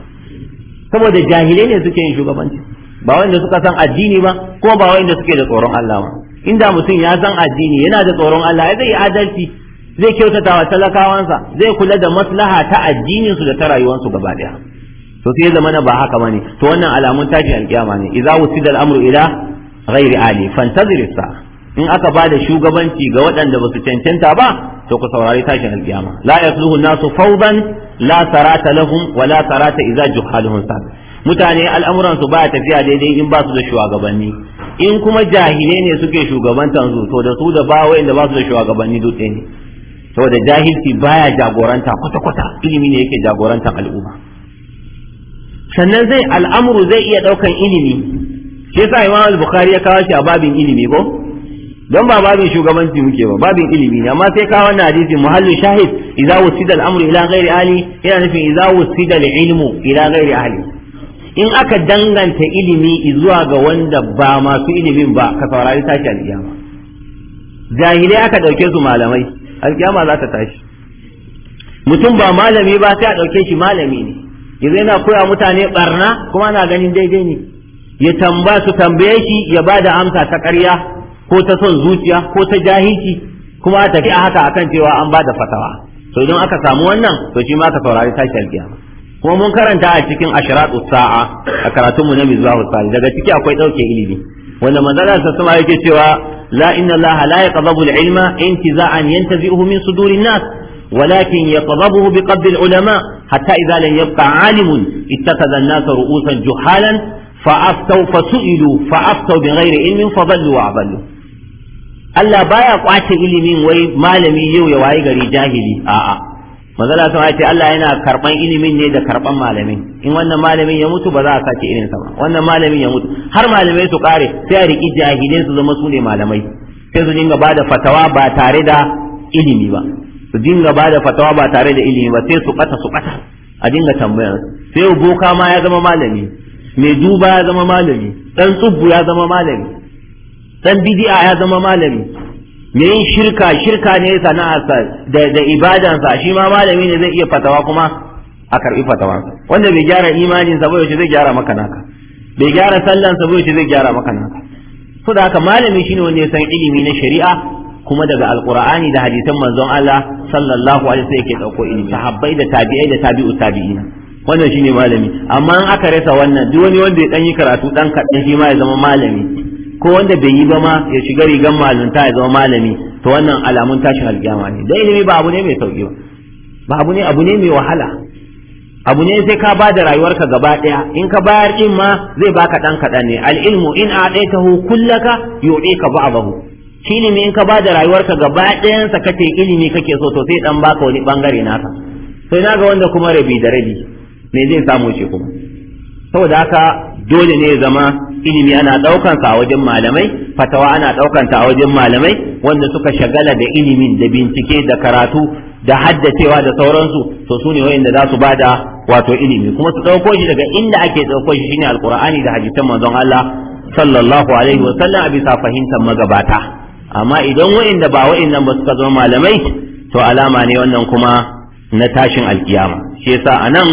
S1: saboda jahilai ne suke yin shugabanci ba wanda suka san addini ba kuma ba wanda suke da tsoron Allah ba inda mutum ya san addini yana da tsoron Allah ya zai adalci zai kyautata wa talakawansa zai kula da maslaha ta addinin su da ta rayuwarsu gaba daya to sai zamana ba haka bane to wannan alamun tashin alkiyama ne idza wusida al-amru ila ghairi ali fantazir sa in aka bada shugabanci ga waɗanda ba su cancanta ba to ku saurari tashin alkiyama la yasluhu nasu fawdan la sarata lahum wa la sarata idza juhaluhum sad mutane al'amuran su baya tafiya daidai in ba su da shugabanni in kuma jahilai ne suke shugabantan su to da su da ba da ba su da shugabanni dutse ne saboda jahilci baya jagoranta kwata kwata ilimi ne yake jagorantar al'umma sannan zai al'amuru zai iya daukan ilimi shi yasa imam al-bukhari ya kawo shi a babin ilimi ko don ba babin shugabanci muke ba babin ilimi ne amma sai ka wannan hadisi muhallin shahid idza wusida al-amru ila ghairi ahli yana nufin idza wusida al-ilmu ila ghairi ahli in aka danganta ilimi zuwa ga wanda ba masu ilimin ba ka saurari tashi alkiyama jahilai aka dauke su malamai alkiyama za ta tashi mutum ba malami ba sai a dauke shi malami ne yanzu yana koya mutane barna kuma ana ganin daidai ne ya tamba su tambaye shi ya ba da amsa ta ƙarya ko ta son zuciya ko ta jahilci kuma a tafi haka akan cewa an ba da fatawa to idan aka samu wannan to shi ma ka saurari tashi alkiyama kuma mun karanta a cikin ashratu sa'a a karatun mu na mizbahu sali daga ciki akwai dauke ilimi wanda manzala sa sama yake cewa la inna allaha la yaqdabu al-ilma intiza'an yantazi'uhu min sudurin nas ولكن يقبضه بقبض العلماء حتى إذا لم يبقى عالم اتخذ الناس fa جهالا فأفتوا فسئلوا ilmin fa علم wa وأضلوا Allah baya kwace ilimin wai malami yau ya wayi gari jahili a'a manzala sun ce Allah yana karban ilimin ne da karban malamin in wannan malamin ya mutu ba za a sake irin sa ba wannan malamin ya mutu har malamai su kare sai a riki jahilai su zama su ne malamai sai su dinga bada fatawa ba tare da ilimi ba su dinga bada fatawa ba tare da ilimi ba sai su bata su bata a dinga tambayar sai boka ma ya zama malami mai duba ya zama malami dan tsubbu ya zama malami dan bid'a ya zama malami me yin shirka shirka ne sana'arsa da da ibadansa shi ma malami ne zai iya fatawa kuma a karbi fatawansa wanda bai gyara imanin sa bai zai gyara maka naka bai gyara sallan sa bai zai gyara maka naka to da haka malami shine wanda ya san ilimi na shari'a kuma daga alqur'ani da hadisan manzon Allah sallallahu alaihi wasallam yake dauko ilimi sahabbai da tabi'ai da tabi'u tabi'ina wannan shine malami amma in aka rasa wannan duk wani wanda ya dan yi karatu dan kaɗan shi ma ya zama malami ko wanda bai yi ba ma ya shiga rigan malunta ya zama malami to wannan alamun tashin alkiyama ne dan ilimi ba abu ne mai sauki ba ba abu ne abu ne mai wahala abu ne sai ka ba da rayuwarka gaba daya in ka bayar din ma zai baka dan kaɗan ne al ilmu in taho kullaka ka ba'dahu ilimi in ka ba da rayuwarka gaba ɗayansa kake ilimi kake so to sai dan baka wani bangare naka sai naga wanda kuma rabi da rabi me zai samu shi kuma saboda haka dole ne ya zama ilimi ana ɗaukansa a wajen malamai fatawa ana ɗaukanta a wajen malamai wanda suka shagala da ilimin da bincike da karatu da haddacewa da sauransu to su ne wayanda za su da wato ilimi kuma su ɗauko shi daga inda ake dauko shi shine alqur'ani da hadisan manzon Allah sallallahu alaihi wa sallam bisa fahimtar magabata amma idan wayanda ba wayannan ba suka zama malamai to alama ne wannan kuma na tashin alkiyama shi yasa anan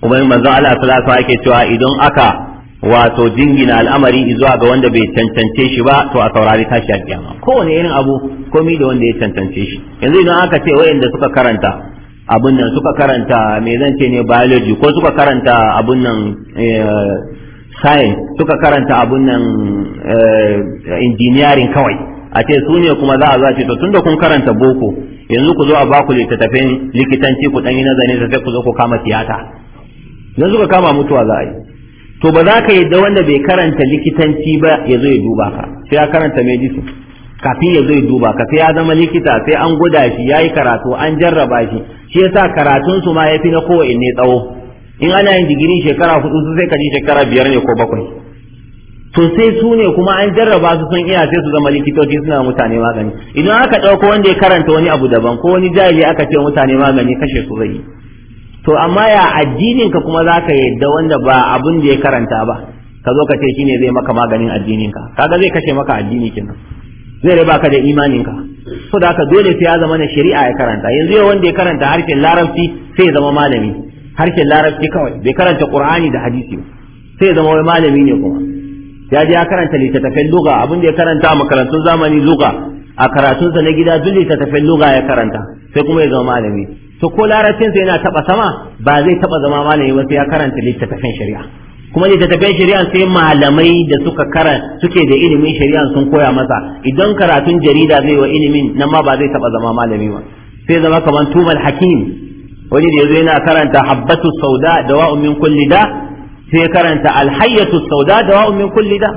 S1: kuma manzon Allah sallallahu alaihi wa sallam yake cewa idan aka wato jingina al'amari zuwa ga wanda bai cancance shi ba to a saurari tashi a kiyama kowane irin abu komi da wanda ya cancance shi yanzu idan aka ce wayanda suka karanta abun nan suka karanta me zan ce ne biology ko suka karanta abun nan eh, science suka karanta abun nan eh, engineering kawai a ce su ne kuma za a ce to tunda kun karanta boko yanzu ku zo a baku littattafin likitanci ku ɗan yi nazari sai ku zo ku kama tiyata yanzu ka kama mutuwa za a yi to ba za ka yadda wanda bai karanta likitanci ba ya zo ya duba ka sai ya karanta medicine kafin ya zo ya duba ka sai ya zama likita sai an guda shi ya yi karatu an jarraba shi shi yasa karatun su ma ya fi na kowanne tsawo in ana yin digiri shekara hudu su sai ka ji shekara biyar ne ko bakwai to sai su ne kuma an jarraba su sun iya sai su zama likitoci suna mutane magani idan aka ɗauko wanda ya karanta wani abu daban ko wani jahili aka ce mutane magani kashe su zai yi to amma ya addinin ka kuma zaka yadda wanda ba abun da ya karanta ba ka zo ka ce shine zai maka maganin addinin ka kaga zai kashe maka addini kenan zai riba ka da imanin ka so da haka dole sai ya zama na shari'a ya karanta yanzu yau wanda ya karanta harshen larabci sai ya zama malami harshen larabci kawai bai karanta qur'ani da hadisi ba sai ya zama wai malami ne kuma ya je ya karanta littattafan luga abin da ya karanta a makarantun zamani luga a karatunsa na gida duk littattafan luga ya karanta sai kuma ya zama malami to ko sa yana taba sama ba zai taba zama malami ba sai ya karanta littattafan shari'a kuma littattafan shari'a sai malamai da suka suke da ilimin shari'a sun koya masa idan karatun jarida zai wa ilimin nan ma ba zai taba zama malami ba sai zama kamar tumal hakim wani da yazo yana karanta habbatu sauda dawa'un min kulli da sai ya karanta alhayyatu sauda dawa'un min kulli da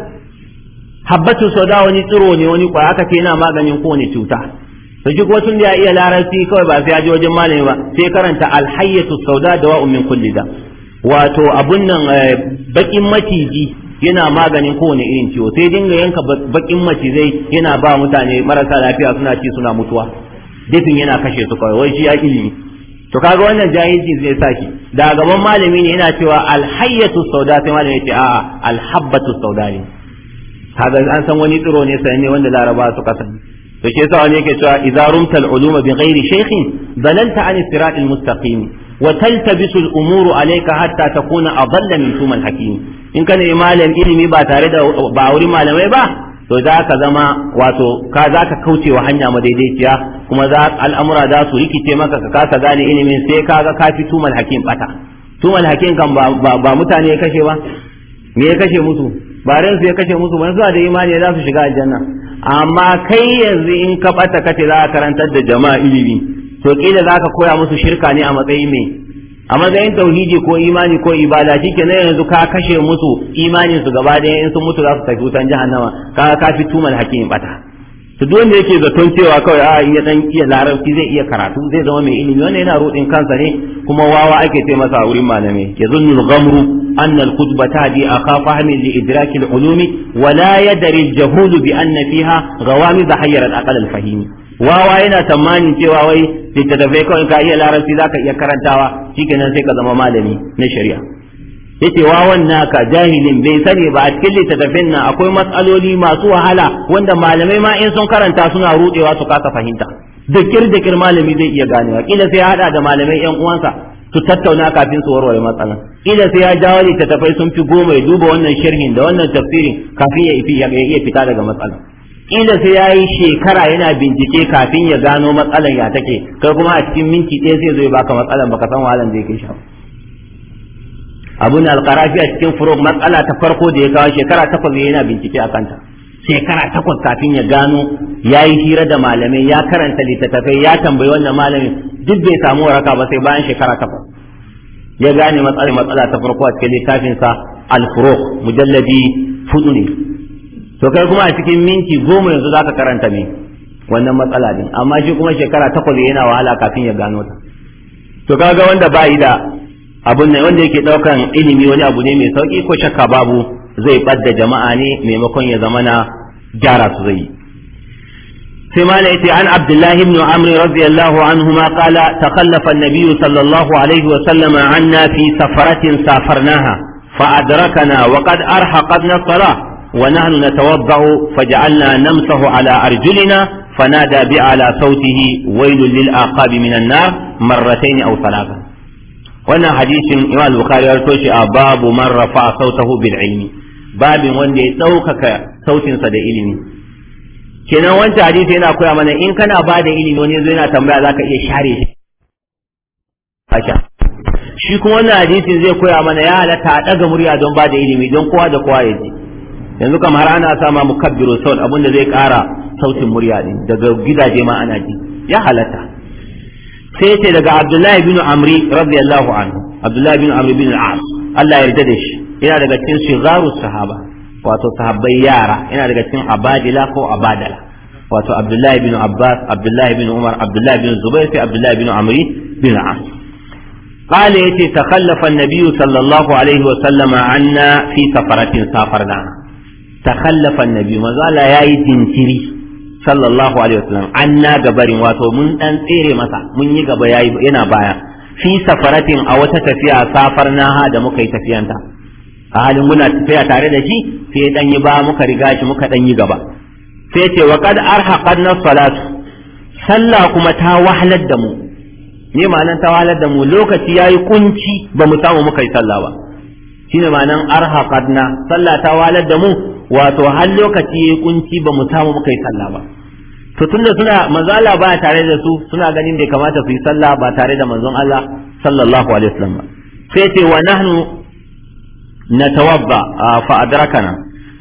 S1: habbatu sauda wani tsiro ne wani kwaya aka ce yana maganin kowane cuta to ko sun ya iya larabci kawai ba sai wajen malami ba sai karanta alhayyatu sauda da wa'u min kulli da wato abun nan eh, bakin maciji yana maganin kowane irin ciwo sai dinga yanka bakin macizai yana ba mutane marasa lafiya suna ci suna mutuwa dafin yana kashe su kawai wai shi ya ilimi to kaga wannan jahilci zai saki da gaban malami ne yana cewa alhayyatu sauda sai malami ya ce a'a alhabbatu sauda ne kaga an san wani tsiro ne ne wanda laraba suka sani to shi yasa wani yake cewa idza rumtal uluma bi ghairi shaykhin Zanen an sirat al mustaqim wa taltabisu al umuru alayka hatta takuna adalla min sum al hakim in kana malam ilimi ba tare da ba wurin malamai ba to za ka zama wato ka za ka kauce wa hanya madaidaiciya kuma za al'amura za su rikice maka ka kasa gane ilimin sai ka ga ka fi tumal hakim bata tumal hakim kan ba mutane ya kashe ba me ya kashe musu ba ran su ya kashe musu ban zuwa da imani za su shiga aljanna amma kai yanzu in ka bata kace za ka karantar da jama'a ilimi to kila za ka koya musu shirka ne a matsayin me a matsayin tauhidi ko imani ko ibada na yanzu ka kashe musu imanin su gaba ɗaya in sun mutu za su tafi wutan jahannama ka ka fi tumal hakim bata to duk wanda yake zaton cewa kawai a iya dan iya larabci zai iya karatu zai zama mai ilimi wannan yana rudin kansa ne kuma wawa ake ce masa wurin wurin malamai zunnu al-ghamru an al ta bi akha fahmi li idraki al-ulumi wa la yadri al jahul bi anna fiha ghawamid hayyara al-aqal al-fahimi wawa yana tsammanin cewa wai da littattafai kawai ka iya larabci zaka iya karantawa shikenan sai ka zama malami na shari'a yace wannan ka jahilin bai sani ba a cikin littattafin nan akwai matsaloli masu wahala wanda malamai ma in sun karanta suna rudewa su kasa fahimta da kir malami zai iya ganewa kila sai ya hada da malamai yan uwansa su tattauna kafin su warware matsalan kila sai ya jawo littattafai sun fi goma ya duba wannan sharhin da wannan tafsirin kafin ya iya fita daga matsalan kila sai ya yi shekara yana bincike kafin ya gano matsalan ya take kai kuma a cikin minti ɗaya zai zo baka matsalan baka san wahalan da yake shafa abun alqarafi a cikin furuq matsala ta farko da ya kawo shekara takwas yana bincike a kanta shekara takwas kafin ya gano ya yi hira da malamai ya karanta littattafai ya tambayi wannan malamin duk bai samu waraka ba sai bayan shekara takwas ya gane matsala matsala ta farko a cikin littafinsa al-furuq mujalladi fudu ne to kai kuma a cikin minti goma yanzu zaka karanta ne wannan matsala din amma shi kuma shekara takwas yana wahala kafin ya gano ta to kaga wanda ba yi da abun ne wanda yake daukan ilimi wani abu ne mai sauki ko shakka babu zai badda jama'a ne maimakon ya zama na gyara su zai sai ma na yace an abdullahi ibn amr radiyallahu anhu ma qala takhallafa an-nabiy sallallahu alaihi wa sallam anna fi safaratin safarnaha fa adrakana wa qad arhaqadna as-salah ونحن نتوضأ فجعلنا نمسه على bi ala بأعلى صوته lil aqabi minan nar marratayn aw thalathah wannan hadisin imam al-bukhari ya rawaito shi a babu man rafa sautahu bil ilmi babin wanda ya daukaka sautinsa da ilimi kenan wancan hadisi yana koya mana in kana ba da ilimi wani zai yana tambaya zaka iya share shi shi kuma wannan hadisin zai koya mana ya halatta a daga murya don ba da ilimi don kowa da kowa ya ji yanzu kamar ana sama ma mukabbiru sautin abinda zai kara sautin murya din daga gidaje ma ana ji ya halatta sai ce daga abdullahi bin amri radiyallahu anhu abdullahi bin amri bin al-as Allah ya yarda da shi yana daga cikin shigarus sahaba wato sahabbai yara yana daga cikin abadila ko abadala wato abdullahi bin abbas abdullahi bin umar abdullahi bin zubair sai abdullahi bin amri bin al-as قال يتي تخلف النبي صلى الله عليه وسلم عنا في سفرة سافرنا تخلف النبي ما زال يا جنتري sallallahu alaihi wasallam anna gabarin wato mun dan tsere masa mun yi gaba yayi yana baya fi safaratin a wata tafiya safar naha da muka yi tafiyanta a halin muna tafiya tare da shi sai dan yi ba muka riga shi muka dan yi gaba sai ce wa qad arhaqanna salatu sallah kuma ta wahalar da mu ne ma'anan ta wahalar da mu lokaci yayi kunci ba mu samu muka yi sallah ba shine ma'anan arhaqanna sallah ta wahalar da mu wato har lokaci ya kunci ba mu samu muka yi sallah ba to tun da suna mazala ba tare da su suna ganin bai kamata su yi sallah ba tare da manzon Allah sallallahu alaihi wasallam ba sai ce wa nahnu natawabba fa adrakana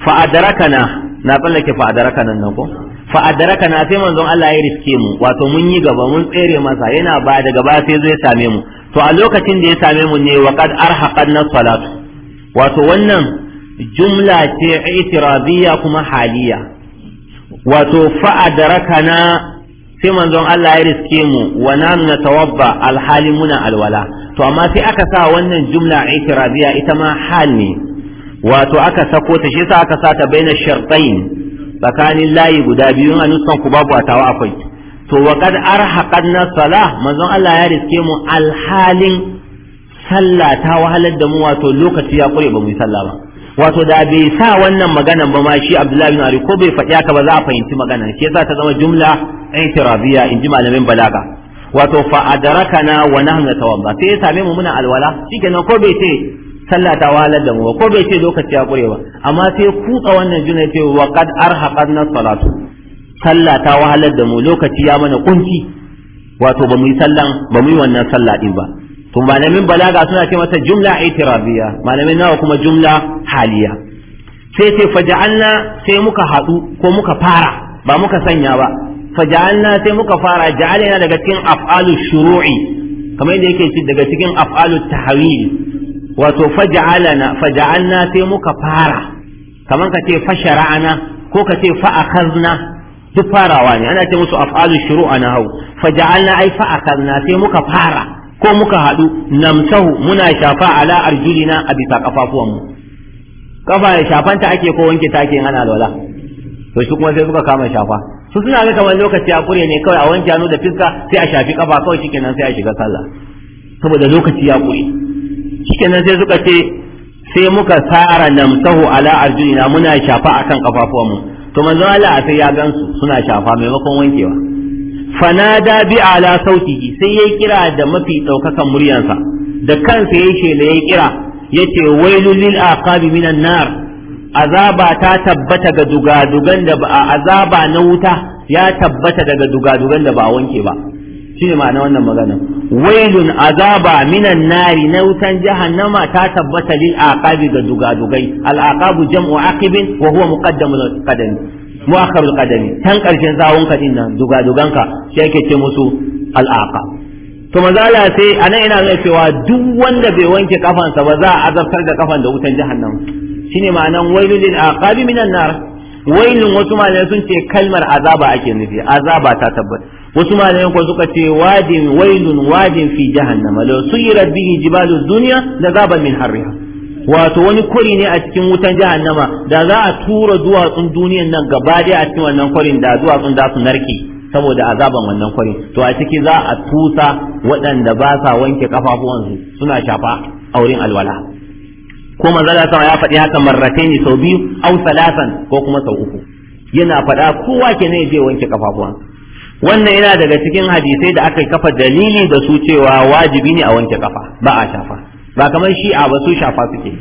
S1: fa adrakana na tsallake fa adrakana nan ko fa adrakana sai manzon Allah ya riske mu wato mun yi gaba mun tsere masa yana ba da gaba sai zai same mu to a lokacin da ya same mu ne wa qad arhaqan salatu wato wannan jumla ce itiraziya kuma haliya wato fa'adarakana sai manzon Allah ya riske mu wa nanu tawabba alhali muna alwala to amma sai aka sa wannan jumla itiraziya ita ma hal ne wato aka sako ta shi sa aka sa ta baina shartain tsakanin layi guda biyu a nusan ku babu atawa akwai to wa kad na salah manzon Allah ya riske mu alhalin sallah ta wahalar da mu wato lokaci ya kure ba mu yi sallah ba wato da bai sa wannan maganan ba ma shi Abdullahi bin Ali ko bai faɗi haka ba za a fahimci maganan shi yasa ta zama jumla i'tirabiyya in ji malamin balaga wato fa na wa nahnu natawadda sai ya same mu muna alwala shikenan ko bai ce sallah ta walar da mu ko bai ce lokaci ya ƙure ba amma sai kutsa wannan juna ce wa qad arhaqadna salatu sallah ta wahalar da mu lokaci ya mana kunci wato ba mu yi sallan ba mu yi wannan sallah din ba to malamin balaga suna ce masa jumla itirabiya malamin nawa kuma jumla haliya sai ce faja'alna sai muka haɗu ko muka fara ba muka sanya ba faja'alna sai muka fara ja'ala yana daga cikin af'alu shuru'i kamar yadda yake daga cikin af'alu tahawil wato faja'alna faja'alna sai muka fara kamar ka ce fa shara'ana ko ka ce fa fa'akhazna duk farawa ne ana ce musu af'alu shuru'a na hau faja'alna ai fa fa'akhazna sai muka fara ko muka haɗu namsahu muna shafa ala arjulina a bisa mu. kafa shafanta ake ko wanke take in ana lola to shi kuma sai suka kama shafa su suna ga kamar lokaci ya kure ne kawai a wanke hannu da fiska sai a shafi kafa kawai shikenan sai a shiga sallah saboda lokaci ya kure shikenan sai suka ce sai muka tsara namsahu ala arjulina muna shafa akan mu, to manzo Allah sai ya gansu suna shafa maimakon wankewa fanada bi ala sautihi sai yayi kira da mafi daukakan muryansa da kansa yayi shela yayi kira yace wailul lil aqabi minan nar azaba ta tabbata ga dugadugan da ba azaba na wuta ya tabbata daga dugadugan da ba a wanke ba shine ma'ana wannan magana wailun azaba minan nari na wutan jahannama ta tabbata lil aqabi ga dugadugai al aqabu jam'u aqibin wa huwa muqaddamun qadami mu'akharul qadami tan karshen zawun ka din nan duga dugan ka shi ake ce musu al'aqa to mazala sai anan ina zai duk wanda bai wanke kafansa ba za a azabtar da kafan da wutan jahannam shine ma'anan wailul lil aqabi minan nar wailun wasu malamai sun ce kalmar azaba ake nufi azaba ta tabbata wasu malamai ko suka ce wadin wailun wadin fi jahannama law suyirat duniya? Da dunya la zaba min harriha wato wani kuri ne a cikin wutan jahannama da za a tura duwatsun duniyan nan gaba daya a cikin wannan kwarin da duwatsun za su narke saboda azaban wannan kwarin to a ciki za a tusa waɗanda ba sa wanke kafafuwansu suna shafa a wurin alwala ko manzala sama ya faɗi haka marrataini sau biyu au salasan ko kuma sau uku yana faɗa kowa ke ya je wanke kafafuwan wannan yana daga cikin hadisai da aka kafa dalili da su cewa wajibi ne a wanke kafa ba a shafa ba kamar shi'a ba su shafa suke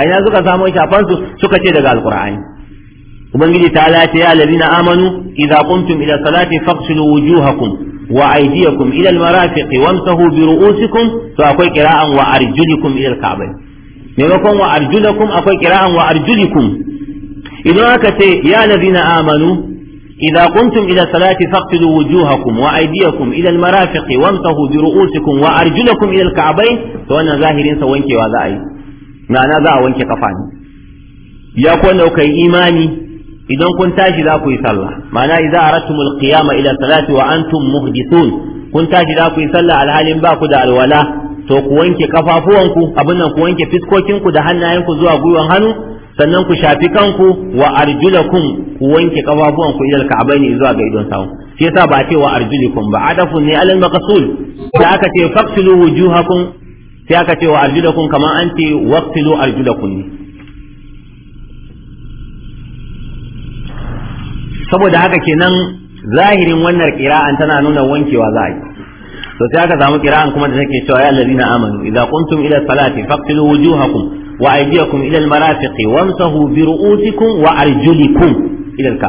S1: a ina suka samu shafan su suka ce daga alqur'ani ubangiji ta ala ya allazina amanu idza qumtum ila salati faghsilu wujuhakum wa aydiyakum ila almarafiqi wamsahu bi ru'usikum to akwai qira'an wa arjulukum ila alka'bayn maimakon wa arjulakum akwai qira'an wa arjulikum idan aka ce ya allazina amanu إذا قمتم إلى الصلاة فاقتلوا وجوهكم وأيديكم إلى المرافق وامسحوا برؤوسكم وأرجلكم إلى الكعبين فأنا ظاهرين سوينك وذائي معنى ذا وانك قفاني يا كون إيماني idan kun tashi za ku yi sallah ma'ana idza aratumul qiyama ila salati wa antum muhdithun kun tashi za ku yi sallah alhalin baku da alwala to ku wanke kafafuwanku abin nan ku wanke fiskokinku da hannayenku zuwa gwiwan hannu sannan ku shafi kanku wa arjulakum ku wanke kafafuwan ku abai ka'baini zuwa ga idon sawu shi yasa ba ce wa arjulikum ba adafun ne alal maqsul da aka ce faqtilu wujuhakum sai aka ce wa arjulakum kamar an ce waqtilu arjulakum ne saboda haka kenan zahirin wannan qira'an tana nuna wankewa za a yi to sai aka samu qira'an kuma da take cewa ya allazina amanu idza qumtum ila salati faqtilu wujuhakum wa aydiyakum ila almarafiqi wamsahu bi ru'usikum wa arjulikum ila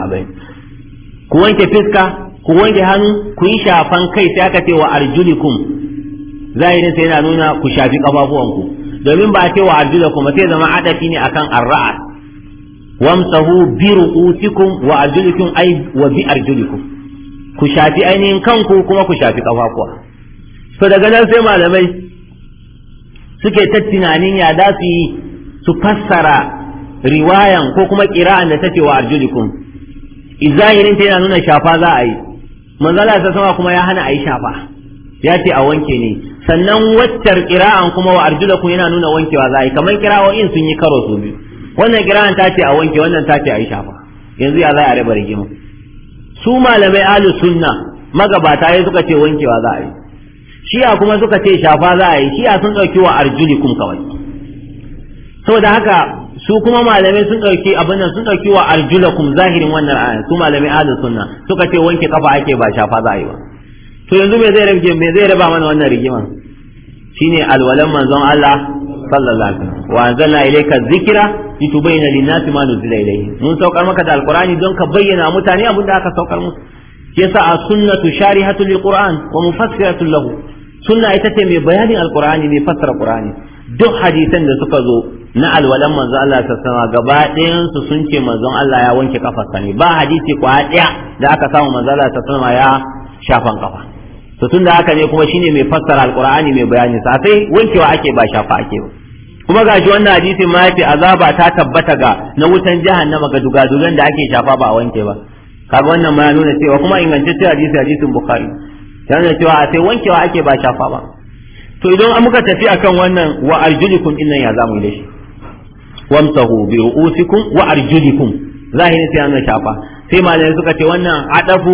S1: ku wanke fiska ku hannu ku yi shafan kai sai aka ce wa arjulikum zahirin sai yana nuna ku shafi kafafuwanku domin ba a ce wa arjulakum zama adafi ne akan arra'a wamsahu wa ku shafi ainihin kanku kuma ku shafi kafafuwa to daga nan sai malamai suke ta tunanin ya da su yi su fassara riwayan ko kuma kira'an da take wa arjulikum izahirin ta yana nuna shafa za a yi manzala ta sama kuma ya hana a yi shafa ya ce a wanke ne sannan waccar kira'an kuma wa arjulikum yana nuna wankewa za a yi kamar kira'o'in sun yi karo su biyu wannan kira'an ta ce a wanke wannan ta ce a yi shafa yanzu ya za a rabar rigima su malamai alu sunna magabata ya suka ce wankewa za a yi Shiya kuma suka ce shafa za a yi shiya sun ɗauki wa arjulikum kawai saboda haka su kuma malamai sun ɗauki abin nan sun ɗauki wa arjulakum zahirin wannan aya su malamai ahlus sunna suka ce wanke kafa ake ba shafa za a yi ba to yanzu me zai rage me zai raba mana wannan rigiman shine alwalan manzon Allah sallallahu alaihi wasallam wa anzalna ilayka dhikra litubayyana lin-nasi ma nuzila ilayhi mun saukar maka da alqur'ani don ka bayyana mutane abin da aka saukar musu yasa as-sunnatu sharihatu lil-qur'an wa mufassiratu lahu sunna ita ce mai bayanin alqur'ani mai fassara qur'ani duk hadisan da suka zo na alwalan manzo Allah sassama gaba ɗayan su sun ce manzon Allah ya wanke kafarsa ne ba hadisi kwa ɗaya da aka samu manzo Allah sassama ya shafan kafa to tunda haka ne kuma shine mai fassara alqur'ani mai bayanin sa sai wankewa ake ba shafa ake ba kuma shi wannan hadisi ma yace azaba ta tabbata ga na wutan jahannama ga dugadugan da ake shafa ba a wanke ba kaga wannan ma ya nuna cewa kuma ingantaccen hadisi hadisin bukhari yana cewa a sai wankewa ake ba shafa ba to idan an muka tafi akan wannan wa arjulikum innan ya zamu da shi wamsahu bi ru'usikum wa arjulikum zahiri sai an shafa sai malamai suka ce wannan adafu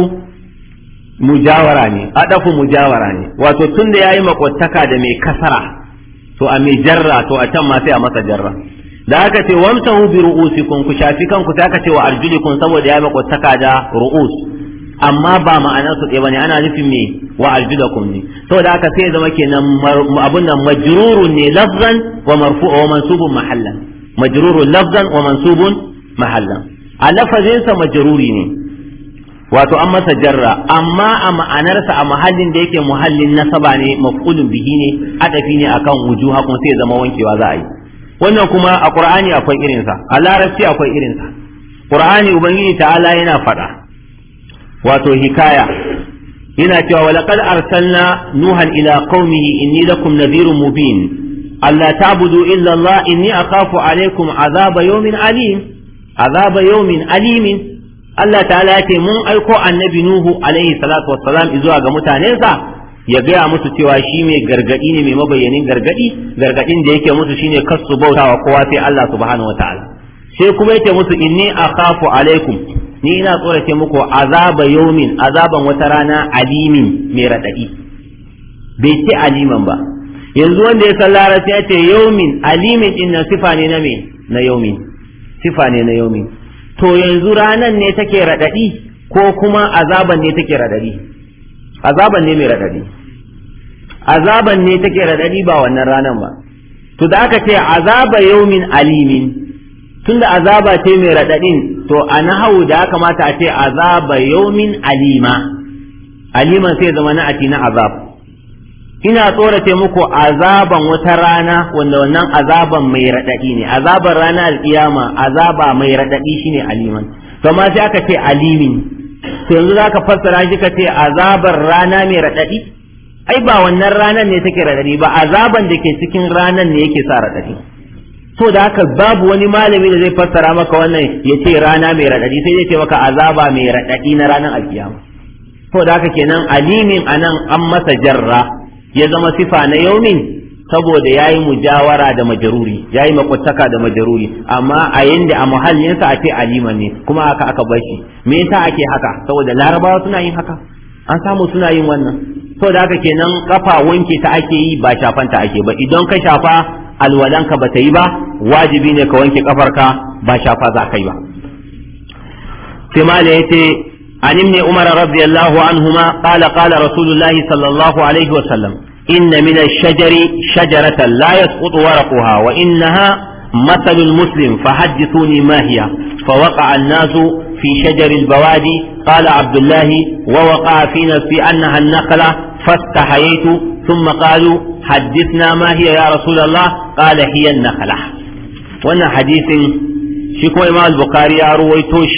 S1: mujawara ne adafu mujawara ne wato tunda yayi makwataka da mai kasara to a mai jarra to a can ma sai a masa jarra da aka ce wamsahu bi ru'usikum ku shafi kanku sai aka ce wa arjulikum saboda yayi makwataka da ru'us amma ba ma'anar su ba bane ana nufin me wa arjulakum ne saboda haka sai zama kenan abun nan majrurun ne lafzan wa marfu'u wa mansubun mahallan majrurun lafzan wa mansubun mahallan a lafazin sa majruri ne wato an masa jarra amma a ma'anarsa a mahallin da yake muhallin nasaba ne maf'ulun bihi ne adafi ne akan wuju kuma sai zama wankewa za a yi wannan kuma a qur'ani akwai irinsa a larabci akwai irinsa qur'ani ubangiji ta'ala yana faɗa wato hikaya yana cewa walaqad arsalna nuhan ila qaumihi inni lakum nadhirun mubin alla ta'budu illa Allah inni akhafu alaykum azaba yawmin alim azaba yawmin alim Allah ta'ala ya ce mun aiko annabi nuhu alaihi salatu wassalam zuwa ga mutanensa ya gaya musu cewa shi mai gargadi ne mai mabayyanin gargadi gargadin da yake musu shine kasu bautawa kowa sai Allah subhanahu wataala sai kuma yake musu inni akhafu alaikum ni ina tsorace muku azaba yomin azaban wata rana alimin mai raɗaɗi bai ce aliman ba yanzu wanda ya san Larasa ya ce yomin alimin din nan sifa ne na me na yaumin sifa ne na yomin? to yanzu ranan ne take raɗaɗi ko kuma azaban ne take raɗaɗi azaban ne mai raɗaɗi azaban ne take raɗaɗi ba wannan ranan ba to da aka ce azaba yomin alimin tunda azaba ce mai raɗaɗin to a nahawu da ya kamata a ce azaba yaumin alima aliman sai zama na ati na azab ina tsorace muku azaban wata rana wanda wannan azaban mai raɗaɗi ne azaban rana alƙiyama azaba mai raɗaɗi shine aliman to ma sai aka ce alimin to yanzu zaka fassara shi ka ce azaban rana mai raɗaɗi ai ba wannan ranan ne take raɗaɗi ba azaban da ke cikin ranan ne yake sa raɗaɗi so da haka babu wani malami da zai fassara maka wannan ya ce rana mai raɗaɗi sai zai ce maka azaba mai raɗaɗi na ranar alkiyama so da haka kenan alimin anan an masa jarra ya zama sifa na yaumin saboda ya yi mujawara da majaruri ya yi makwataka da majaruri amma a yadda a muhallinsa a ce aliman ne kuma haka aka bar shi me yasa ake haka saboda larabawa suna yin haka an samu suna yin wannan da haka kenan kafa wanke ta ake yi ba shafanta ake ba idan ka shafa alwalanka bata yi ba wajibi ne ka wanke kafarka ba shafa za kai ba sai ya ce an ibn umar radiyallahu anhuma qala qala rasulullahi sallallahu alaihi wa sallam inna min ash-shajari shajaratan la yasqutu waraqaha wa innaha مثل المسلم فحدثوني ما هي فوقع الناس في شجر البوادي قال عبد الله ووقع في أنها النقلة فاستحييت ثم قالوا حدثنا ما هي يا رسول الله قال هي النخلة وانا حديث شكو bukhari ya رويتوش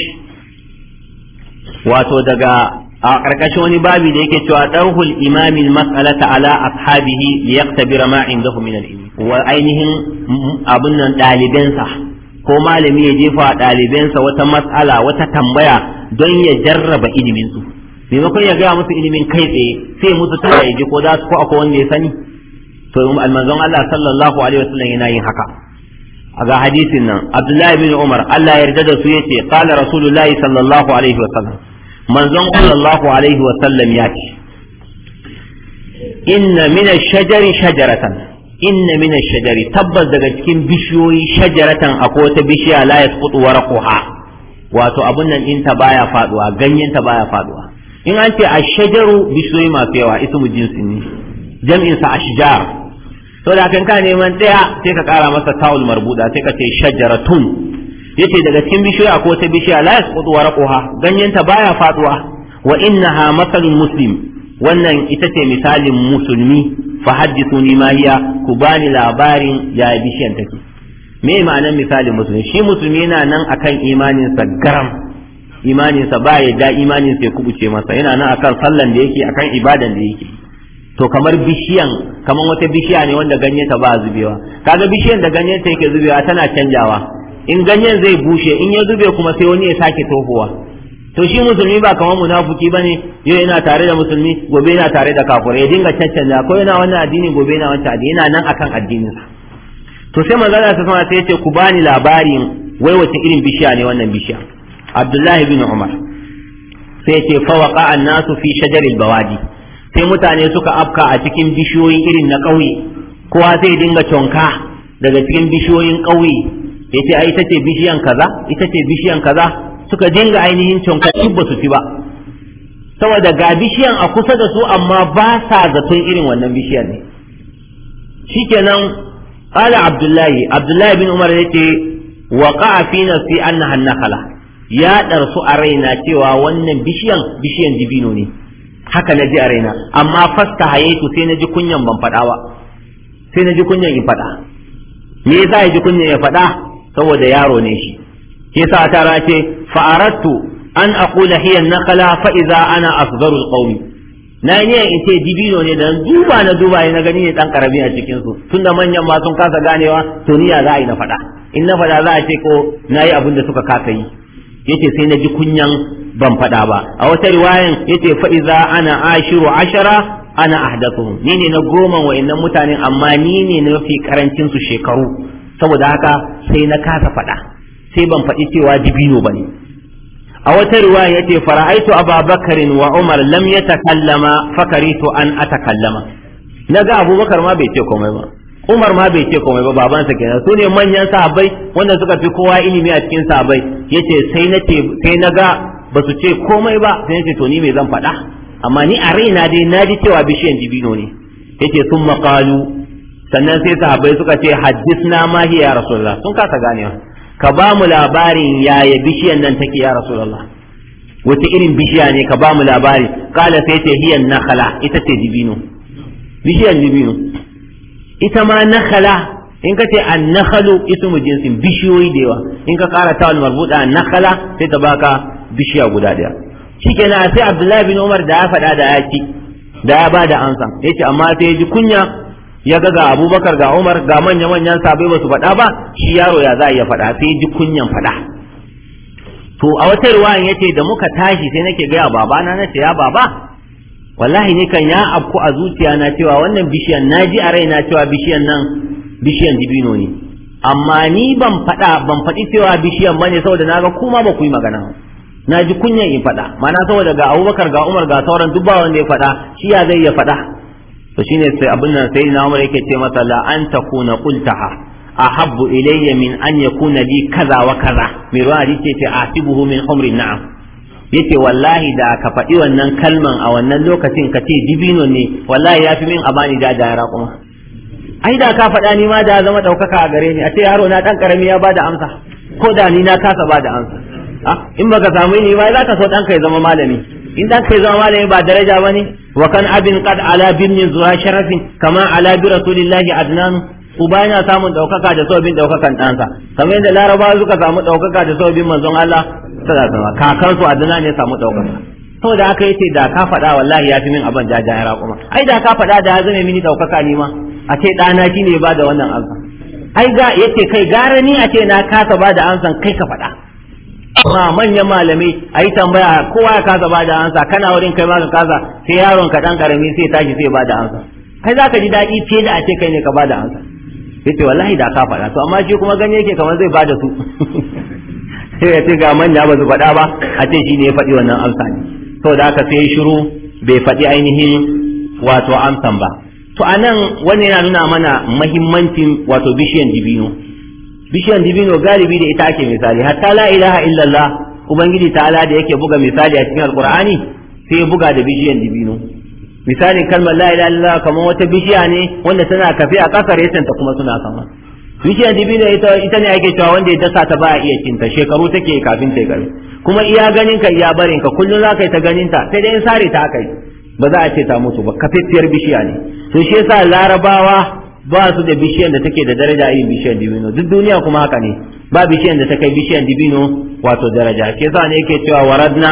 S1: واتو دقا a ƙarƙashin wani babu da yake cewa ɗarhul imamin mas'alata ala ashabihi li yaqtabira ma indahu min al-ilm wa ainihin abun nan ɗalibansa ko malami ya jefa a ɗalibansa wata mas'ala wata tambaya don ya jarraba iliminsu? maimakon ya gaya musu ilimin kai tsaye sai musu tana yaji ko za su ko akwai wanda ya sani to almanzon Allah sallallahu alaihi wasallam yana yin haka a ga hadisin nan Abdullahi bin Umar Allah ya yarda da su yace qala rasulullahi sallallahu alaihi wasallam manzon sallallahu alaihi wasallam ya ce inna min ash-shajari shajaratan inna min ash-shajari tabbas daga cikin bishiyoyi shajaratan akwai wata bishiya la yasqutu warquha wato abun nan ɗinta baya faduwa ganyen ta baya faduwa in an ce a shajaru bishiyoyi masu yawa mu jinsi ne jam'in sa shijar. to da kanka neman ɗaya, sai ka kara masa tawul marbuda sai ka ce shajaratun yace daga cikin bishiya ko ta bishiya la yasqutu warqaha ta baya faduwa wa innaha masalun muslim wannan ita ce misalin musulmi fa haddithuni ma hiya ku bani labarin ya bishiyan take me ma'anar misalin musulmi shi musulmi yana nan akan sa garam imaninsa ba yadda imaninsa ya kubuce masa yana nan akan sallan da yake akan ibadan da yake to kamar bishiyan kamar wata bishiya ne wanda ta ba zubewa kaga bishiyan da ganyenta yake zubewa tana canjawa in ganyen zai bushe in ya zube kuma sai wani ya sake tofowa to shi musulmi ba kamar munafiki bane yau yana tare da musulmi gobe yana tare da kafirai ya dinga cancanta ko yana wannan addini gobe yana wancan addini yana nan akan addininsa to sai manzo Allah sai ya ce ku bani labarin wai wace irin bishiya ne wannan bishiya abdullahi bin umar sai ce fawaka nasu fi shajaril Bawaji, sai mutane suka afka a cikin bishiyoyin irin na ƙauye kowa zai dinga conka daga cikin bishiyoyin ƙauye ya ce a ita ce bishiyan kaza ita ce bishiyan kaza suka dinga ainihin conka duk ba su ci ba saboda ga bishiyan a kusa da su amma ba sa zaton irin wannan bishiyan ne shikenan ala abdullahi abdullahi bin umar ya ce, wa waqa'a fi an annaha nakhala ya ɗarsu a raina cewa wannan bishiyan bishiyan dibino ne haka na ji a raina amma fasta hayaitu sai na ji kunyan ban faɗa ba sai na ji kunyan in faɗa me yasa ya ji kunyan ya faɗa saboda yaro ne shi Ke yasa tara ce fa'arattu an aqula hiya naqala fa idza ana asgharu alqawmi na yi in ce dibino ne dan duba na duba ne gani ne dan karami a cikin su da manyan ma sun kasa ganewa to ni ya za a yi na faɗa in na faɗa za a ce ko na yi abin da suka kasa yi yace sai na ji kunyan ban faɗa ba a wata riwayan yace fa iza ana ashiru ashara ana ahdathuhum ni ne na goma wa'annan mutanen amma ni ne na mafi karancin su shekaru saboda haka sai na kasa faɗa sai ban faɗi cewa dibino bane a wata riwaya yace fara'aitu ababakarin wa umar lam yatakallama fakaritu an atakallama naga abubakar ma bai ce komai ba Umar ma bai ce komai ba babansa kenan su ne manyan sahabbai wanda suka fi kowa ilimi a cikin sahabbai yace sai na ce sai na ga ba su ce komai ba sai yace to ni me zan faɗa amma ni a raina dai na ji cewa bishiyan dibino ne yace sun maƙalu sannan sai sahabbai suka ce haddisna ma hiya ya rasulullah sun kasa ganewa ka ba mu labarin yaya bishiyan nan take ya rasulullah wace irin bishiya ne ka ba mu labari kala sai ce hiyan nakhala ita ce dibino bishiyan dibino ita ma nakhala in ka ce an nakhalu ismu jinsin bishiyoyi da yawa in ka kara tawal marbuda an nakhala sai ta baka bishiya guda daya shikenan sai abdullahi bin umar da ya faɗa da ya ci da ya ba da ansa yace amma sai ya ji kunya ya ga ga abubakar ga umar ga manya-manyan sabai ba su faɗa ba shi yaro ya za ya faɗa sai ya ji kunyan faɗa to a wata ruwan ya ce da muka tashi sai nake gaya babana na ce ya baba wallahi ne kan ya abku a zuciya na cewa wannan bishiyan na ji a raina cewa bishiyan nan bishiyan dibino ne amma ni ban faɗa ban faɗi cewa bishiyan bane saboda na ga kuma ba ku yi magana na ji kunya in faɗa mana saboda ga abubakar ga umar ga sauran duk ba wanda ya faɗa shi ya zai ya faɗa to shine sai abin nan sai na umar yake ce masa la an takuna qultaha ahabbu ilayya min an yakuna li kaza wa kaza mai ruwa hadisi ce asibuhu min umrin na'am Yake wallahi da ka faɗi wannan kalman a wannan lokacin ka ce dibino ne wallahi ya fi min bani da da raƙuma ai da ka faɗa ni ma da zama ɗaukaka a gare ni a ce yaro na ɗan ƙarami ya bada amsa ko da ni na kasa bada amsa ah, in baka samu ni ma za ka so ɗan ya zama malami in ɗan ya zama malami ba daraja ba ne wa kan abin qad ala birnin zuwa sharafin kamar ala bi rasulillahi adnan uba yana samun ɗaukaka da sababin ɗaukakan ɗansa kamar yadda larabawa suka samu ɗaukaka da sababin manzon Allah sallallahu kakar su adana ne samu daukaka saboda aka yace da ka faɗa wallahi ya fi min abin jajayen raƙuma ai da ka faɗa da ya zame mini daukaka ni ma a ce ɗana shi ne ba da wannan alfa ai ga yace kai gara ni a ce na kasa ba da ansan kai ka faɗa amma manyan malamai a yi tambaya kowa ya kasa ba da ansa kana wurin kai ma ka kasa sai yaron ka ɗan ƙarami sai tashi sai ba da ansa kai za ka ji daɗi fiye da a ce kai ne ka ba da ansa yace wallahi da ka faɗa to amma shi kuma ganye yake kamar zai ba da su sai ya ce ga manya ba su faɗa ba a ce shi ne ya faɗi wannan amsa ne to da aka sai shiru bai faɗi ainihin wato amsan ba to a nan wani yana nuna mana mahimmancin wato bishiyan dibino bishiyan dibino galibi da ita ake misali hatta la ilaha illallah ubangiji ta'ala da yake buga misali a cikin alqur'ani sai buga da bishiyan dibino misalin kalmar la ilaha illallah kamar wata bishiya ne wanda tana kafi a ƙasa ta kuma suna sama bishiyar dibino ita ne ake cewa wanda ya dasa ta ba iya cinta shekaru take kafin ta gari kuma iya ganin ka iya barin ka kullun za ka yi ta ganin ta sai dai in sare ta aka yi ba za a ce ta mutu ba kafaffiyar bishiya ne to shi yasa larabawa ba su da bishiyar da take da daraja irin bishiyar dibino duk duniya kuma haka ne ba bishiyar da ta kai bishiyar dibino wato daraja shi yasa ne yake cewa waradna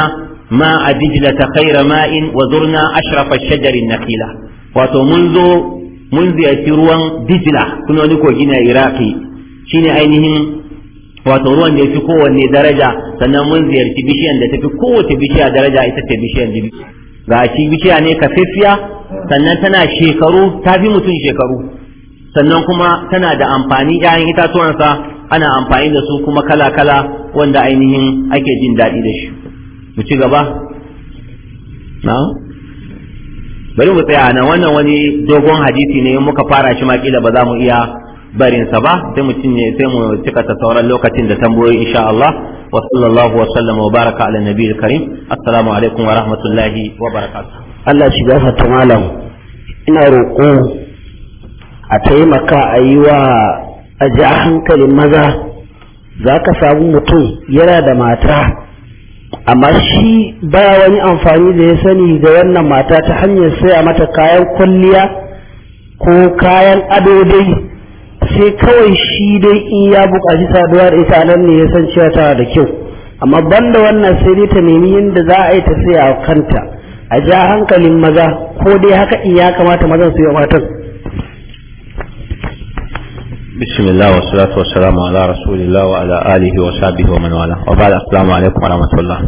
S1: ma a dijila ta khaira ma'in wa zurna ashrafa shajarin kila wato mun zo mun ziyarci ruwan dijila kuma wani kogi na iraki shine ainihin wato ruwan da ya fi kowanne daraja sannan mun ziyarci bishiyan da ta fi kowace bishiya daraja ita ce bishiyan jibi ga shi bishiya ne kafifiya sannan tana shekaru ta fi mutum shekaru sannan kuma tana da amfani 'ya'yan itatuwansa ana amfani da su kuma kala-kala wanda ainihin ake jin daɗi da shi mu ci gaba na bari mu tsaya nan wannan wani dogon hadisi ne muka fara shi makila ba za mu iya barinsa ba sai mu cinye sai mu cika ta sauran lokacin da tambayoyi insha Allah wa sallallahu wa sallama wa baraka ala nabiyil karim assalamu alaikum wa rahmatullahi wa barakatuh
S2: Allah shi gafarta malam ina roƙo a taimaka a yi wa a ji hankalin maza za ka samu mutum yana da mata amma shi baya wani amfani da ya sani da wannan mata ta hanyar saya mata kayan kwalliya ko kayan ado dai sai kawai shi dai in ya buƙaci saduwa da ita nan ne ya san cewa tana da kyau amma banda wannan sai dai ta nemi yadda za a yi ta saya kanta a ja hankalin maza ko dai haka in ya kamata mazan su yi matan
S1: بسم الله والصلاة والسلام على رسول الله وعلى آله وصحبه ومن والاه وبعد السلام عليكم ورحمة الله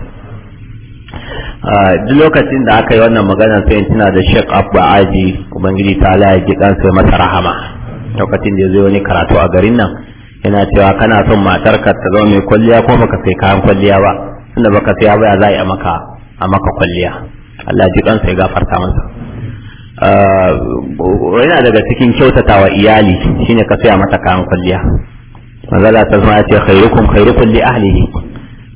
S1: duk lokacin da aka yi wannan magana sai tana da Sheikh Abba Aji Ubangiji ta Allah ya ji sai masa rahama lokacin da zai wani karatu a garin nan yana cewa kana son matarka ta zama mai kwalliya ko baka sai kayan kwalliya ba tunda baka sai ba za a yi maka a maka kwalliya Allah ji dan sai gafarta masa Eh, yana daga cikin kyautatawa iyali shine ka saya mata kayan kwalliya manzala ta zama ce khairukum khairukum li ahlihi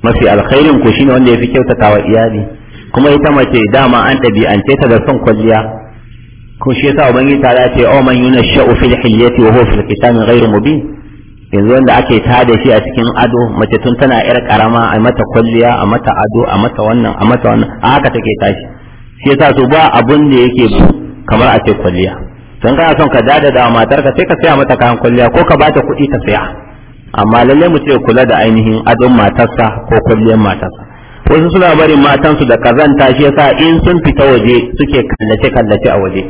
S1: mafi alkhairin ku shine wanda yafi kyautatawa iyali kuma ita mace dama an an ce ta da son kwalliya ko shi yasa ubangi ta ce aw oh, man yunashau fil hilyati wa huwa fil qitami ghairu mubin yanzu wanda ake da shi a cikin ado mace tun tana yar karama a mata kwalliya a mata ado a mata wannan a mata wannan a haka take tashi shi yasa su ba abun da yake kamar a ce kwalliya don kana son ka dada da matar ka sai ka saya mata kayan kwalliya ko ka bata kuɗi ta saya amma lalle mu ce kula da ainihin adon matarsa ko kwalliyar matarsa wasu suna barin matansu da kazanta shi yasa in sun fita waje suke kallace kallace a waje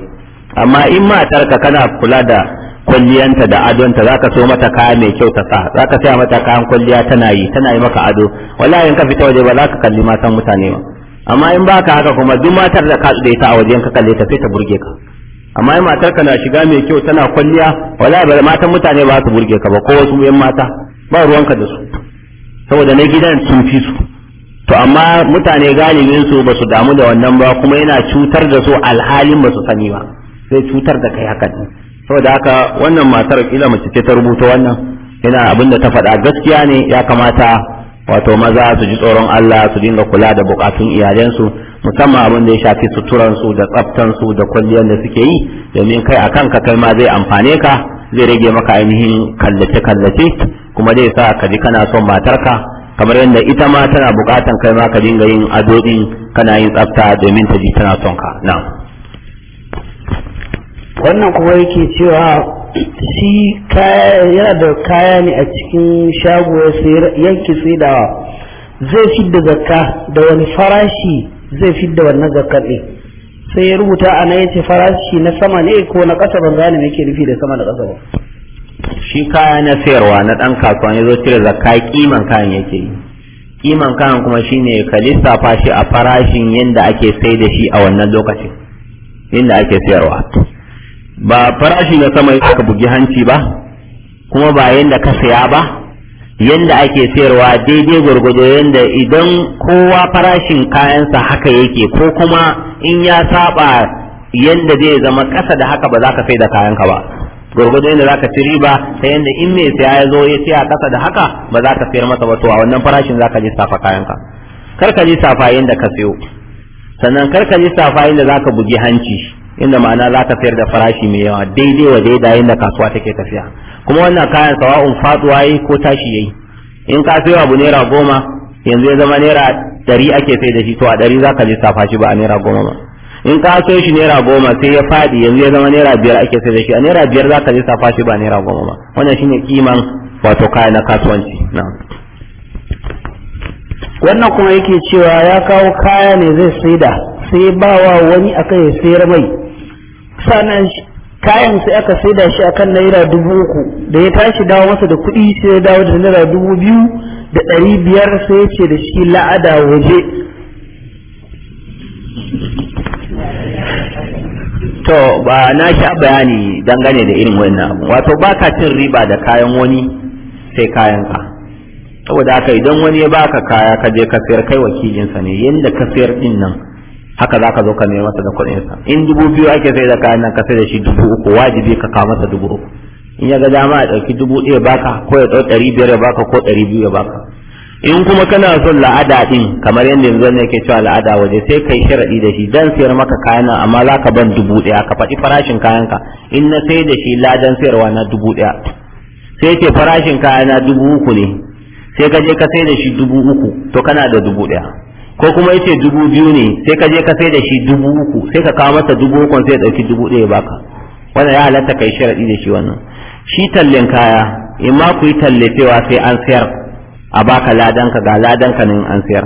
S1: amma in matarka kana kula da kwalliyanta da adonta zaka so mata kaya mai kyau ta sa zaka saya mata kayan kwalliya tana yi tana yi maka ado wallahi in ka fita waje ba ka kalli matan mutane ba amma in baka haka kuma duk matar da ka da ita a wajen ka kalle ta sai ta burge ka amma in matar ka na shiga mai kyau tana kwalliya wala ba matan mutane ba su burge ka ba ko wasu yan mata ba ruwanka da su saboda na gidan sun fi su to amma mutane galibin su ba su damu da wannan ba kuma yana cutar da su alhalin ba su sani ba sai cutar da kai haka saboda haka wannan matar kila mace ce ta rubuta wannan yana abin da ta faɗa gaskiya ne ya kamata wato maza su ji tsoron Allah su dinga kula da bukatun iyalansu musamman abin da ya shafi suturansu da tsaftansu da kwalliyar da suke yi domin kai a kanka kai ma zai amfane ka zai rage maka ainihin kallace-kallace kuma zai sa ka ji kana son matarka kamar yadda ita ma tana bukatan kai ma ka dinga yin ado din kana yin tsafta domin ta ji tana son ka na
S2: wannan kuma yake cewa shi yana da kaya ne a cikin shago yanki sai da zai da zakka da wani farashi zai fi da wannan zakkar ne sai ya rubuta a nan yace farashi na sama ne ko na ƙasa ban gane me yake nufi da sama da ƙasa ba
S1: shi kaya na sayarwa na ɗan kasuwa ne zo cire zakka kiman kayan yake yi kiman kayan kuma shine ka lissafa shi a farashin yadda ake sai da shi a wannan lokacin yadda ake sayarwa ba farashi na sama aka bugi hanci ba kuma ba yanda ka saya ba yanda ake sayarwa daidai gwargwado yanda idan kowa farashin kayansa haka yake ko kuma in ya saba yanda zai zama ƙasa da haka ba za ka sai da kayanka ba gwargwado yanda za ka ci riba ta yanda in mai saya ya zo ya saya ƙasa da haka ba za ka sayar masa ba to a wannan farashin za ka safa kayanka kar ka safa yanda ka sayo sannan kar ka safa yanda za ka bugi hanci inda ma'ana za ka fayar da farashi mai yawa daidai wa daida inda kasuwa take tafiya kuma wannan kayan sawa'un faduwa yi ko tashi yayi in ka sayo abu naira goma yanzu ya zama naira ɗari ake sai da shi to a ɗari za ka lissafa shi ba a naira goma ba in ka sayo shi naira goma sai ya fadi yanzu ya zama naira biyar ake sai da shi a naira biyar za ka lissafa shi ba naira goma ba wannan shine kiman wato kaya na kasuwanci
S2: wannan kuma yake cewa ya kawo kaya ne zai saida sai ba wa wani aka ya sayar mai sannan kayan sai aka saida shi akan naira dubu uku da ya tashi dawo masa da kuɗi sai ya dawo da naira dubu biyu da ɗari biyar sai ya ce da shi la'ada waje to ba
S1: na sha bayani dangane da irin wannan abu wato ba ka cin riba da kayan wani sai kayan ka saboda haka idan wani ya baka kaya ka je ka sayar kai wakilinsa ne yadda ka sayar din nan haka za ka zo ka nema masa da kuɗinsa in dubu biyu ake sai da kayan nan ka sai da shi dubu uku wajibi ka kawo masa dubu uku in ya ga dama a ɗauki dubu ɗaya baka ko ya ɗau ɗari biyar ya baka ko ɗari biyu ya baka in kuma kana son la'ada ɗin kamar yadda yanzu ne ke cewa la'ada waje sai kai sharaɗi da shi dan sayar maka kayan nan amma za ka ban dubu ɗaya ka faɗi farashin kayanka in na sai da shi ladan sayarwa na dubu ɗaya sai ce farashin kayan na dubu uku ne sai ka je ka sai da shi dubu uku to kana da dubu ɗaya ko kuma yace dubu biyu ne sai ka je ka sai da shi dubu uku sai ka kawo masa dubu uku sai ya dauki dubu ɗaya baka wannan ya halatta kai sharadi da shi wannan shi tallen kaya in ma ku yi tallafewa sai an sayar a baka ka, ga ladan ka ne an sayar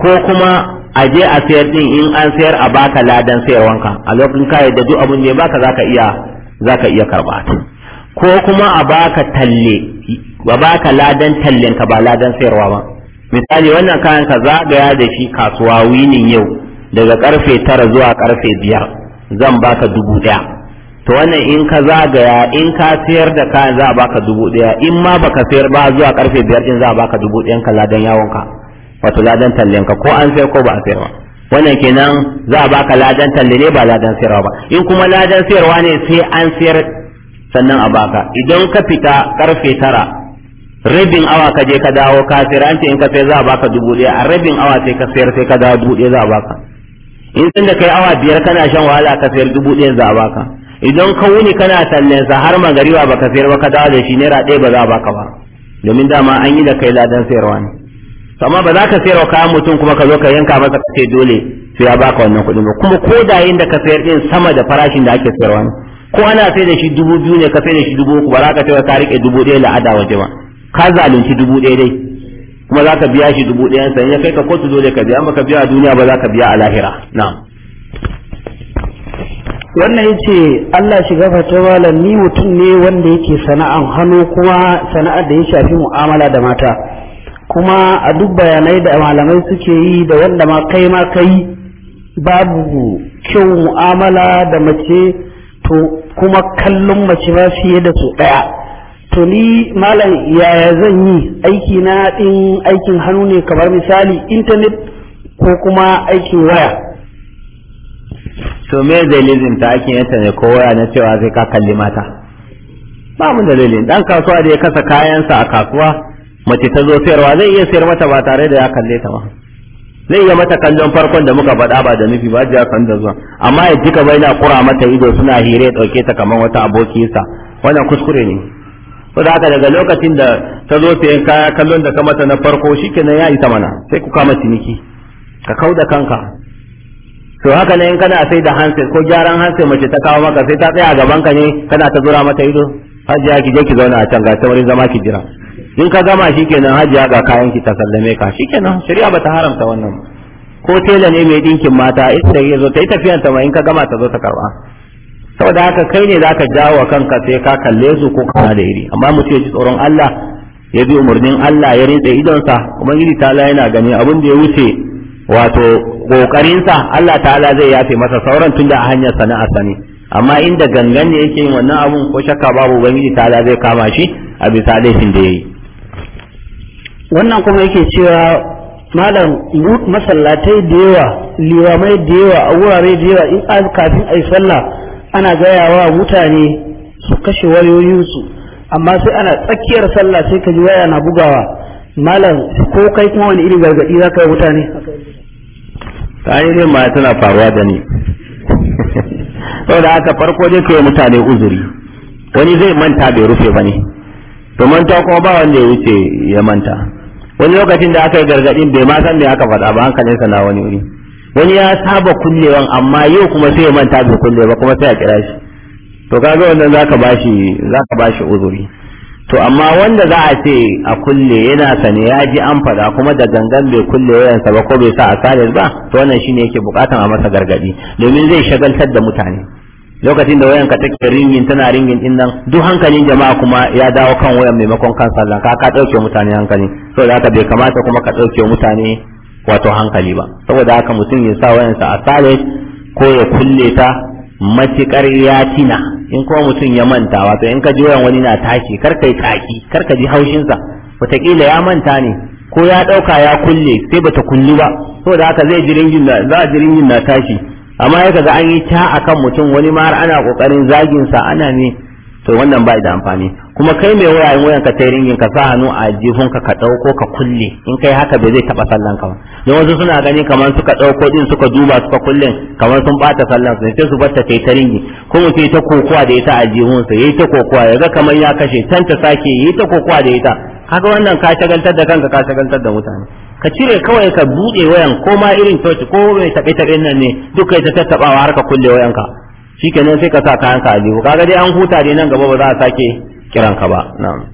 S1: ko kuma a je a sayar din in an sayar a baka ladan sayarwanka a lokacin ka da duk abun ne baka zaka iya zaka iya karba ko kuma a baka talle ba baka ladan tallen ka ba ladan sayarwa ba misali wannan kayan ka zagaya da shi kasuwa winin yau daga karfe tara zuwa karfe biyar zan baka dubu daya to wannan in ka zagaya in ka sayar da kayan za a baka dubu daya in ma baka sayar ba zuwa karfe biyar din za a baka dubu daya ka ladan yawon ka wato ladan tallen ka ko an sayar ko ba a sayar ba wannan kenan za a baka ladan talle ne ba ladan sayarwa ba in kuma ladan sayarwa ne sai an sayar sannan a baka idan ka fita karfe tara rabin awa ka je ka dawo ka sayar an ce in ka sayar za a baka dubu ɗaya a rabin awa sai ka sayar sai ka dawo dubu ɗaya za a baka in tun da kai awa biyar kana shan wahala ka sayar dubu ɗaya za a baka idan ka wuni kana tallen sa har magariba baka sayar ba ka dawo da shi naira ɗaya ba za a baka ba domin dama an yi da kai ladan sayarwa ne amma ba za ka sayarwa kayan mutum kuma ka zo ka yanka masa ka ce dole sai ya baka wannan kuɗin ba kuma ko da yin da ka sayar ɗin sama da farashin da ake sayarwa ne ko ana sai da shi dubu biyu ne ka sai da shi dubu uku ba za ka ce ka riƙe dubu ɗaya la'ada waje ba ka zalunci dubu ɗaya dai kuma za ka biya shi dubu ɗaya sai ya kai ka kotu dole ka biya maka biya a duniya ba za ka biya a lahira na'am
S2: wannan yace Allah shi gafarta malam ni mutum ne wanda yake sana'an hannu kuma sana'ar da ya shafi mu'amala da mata kuma a duk bayanai da malamai suke yi da wanda ma kai ma kai babu kyau mu'amala da mace to kuma kallon mace ba fiye da su daya to ni malam yaya zan yi aiki na ɗin aikin hannu ne kamar misali intanet ko kuma aikin waya
S1: to me zai ta aikin intanet ko waya na cewa zai ka kalli mata ba mu dalilin dan kasuwa da ya kasa kayansa a kasuwa mace ta zo sayarwa zai iya sayar mata ba tare da ya kalle ta ba zai iya mata kallon farkon da muka faɗa ba da nufi ba jiya kan zuwa amma ya jika bai kura mata ido suna hire ɗauke ta kamar wata abokiyarsa wannan kuskure ne ko da haka daga lokacin da ta zo sayan kaya kallon da ka mata na farko shikenan ya isa mana sai ku kama ciniki ka kau da kanka to haka ne in kana sai da hanse ko gyaran hanse mace ta kawo maka sai ta tsaya a gaban ka ne kana ta zura mata ido hajiya ki je ki zauna a can ga wurin zama ki jira in ka gama shikenan hajiya ga kayan ki ta sallame ka shikenan shari'a bata haramta wannan ko tela ne mai dinkin mata ita da zo ta yi tafiyan ta ma in ka gama ta zo ta karba saboda haka kai ne zaka jawo kanka sai ka kalle su ko kana da iri amma mutum ya ji tsoron Allah ya bi umarnin Allah ya rinsa idonsa ta la yana gani abin da ya wuce wato sa Allah ta'ala zai yafe masa sauran tunda a hanyar sana'a sani amma inda gangan ne yake yin wannan abun ko shakka babu ubangiji ta'ala zai kama shi a bisa laifin da yayi
S2: wannan kuma yake cewa malam masallatai da yawa liwamai da yawa a wurare da yawa in kafin yi sallah ana gaya wa mutane su kashe wayoyinsu amma sai ana tsakiyar sallah sai ka ji waya na bugawa malam ko kai kuma wani irin gargadi za ka yi mutane
S1: ta yi ne ma tana faruwa da ni saboda haka farko dai kai mutane uzuri wani zai manta bai rufe ba ne to manta kuma ba wanda ya wuce ya manta wani lokacin da aka yi gargadin bai ma san me aka faɗa ba hankalinsa na wani wuri wani ya saba kullewan amma yau kuma sai ya manta bai kulle ba kuma sai a kira shi to kaga wannan zaka bashi zaka bashi uzuri to amma wanda za a ce a kulle yana sane ya ji an fada kuma da gangan bai kulle wayansa ba ko bai sa a sare ba to wannan shine yake bukatan a masa gargadi domin zai shagaltar da mutane lokacin da wayan ka take ringin tana ringin din nan duk hankalin jama'a kuma ya dawo kan wayan maimakon kan sallan ka ka dauke mutane hankali so da haka bai kamata kuma ka dauke mutane wato hankali ba saboda haka mutum ya sa wayansa a sale ko ya kulle ta matikar ya tina in kuma mutum ya manta wato in ka ji wayan wani na tashi kar kai kaki kar ka ji haushinsa wataƙila ya manta ne ko ya ɗauka ya kulle sai bata kulli ba saboda haka zai ji ringin na za ji ringin na tashi amma ya kaga an yi ta akan mutum wani ma har ana kokarin zagin sa ana ne to wannan bai da amfani kuma kai mai wayayen wayan ka tayi ringin ka sa hannu a jihun ka ka dauko ka kulle in kai haka bai zai taba sallan ka ba don wasu suna gani kamar suka ɗauko ɗin suka duba suka kullum kamar sun ɓata sallan su sai su batta yi ta ringi kuma ta kokowa da ita a jihunsa yi ta kokowa ga kamar ya kashe can ta sake yi ta kokowa da ita haka wannan ka shagaltar da kanka ka shagaltar da mutane ka cire kawai ka buɗe wayan ko ma irin toci ko mai taɓe taɓe nan ne duka ta tattaɓawa har ka kulle wayanka shikenan sai ka sa kayan ka a jihu kaga dai an huta dai nan gaba ba za a sake kiranka ba na'am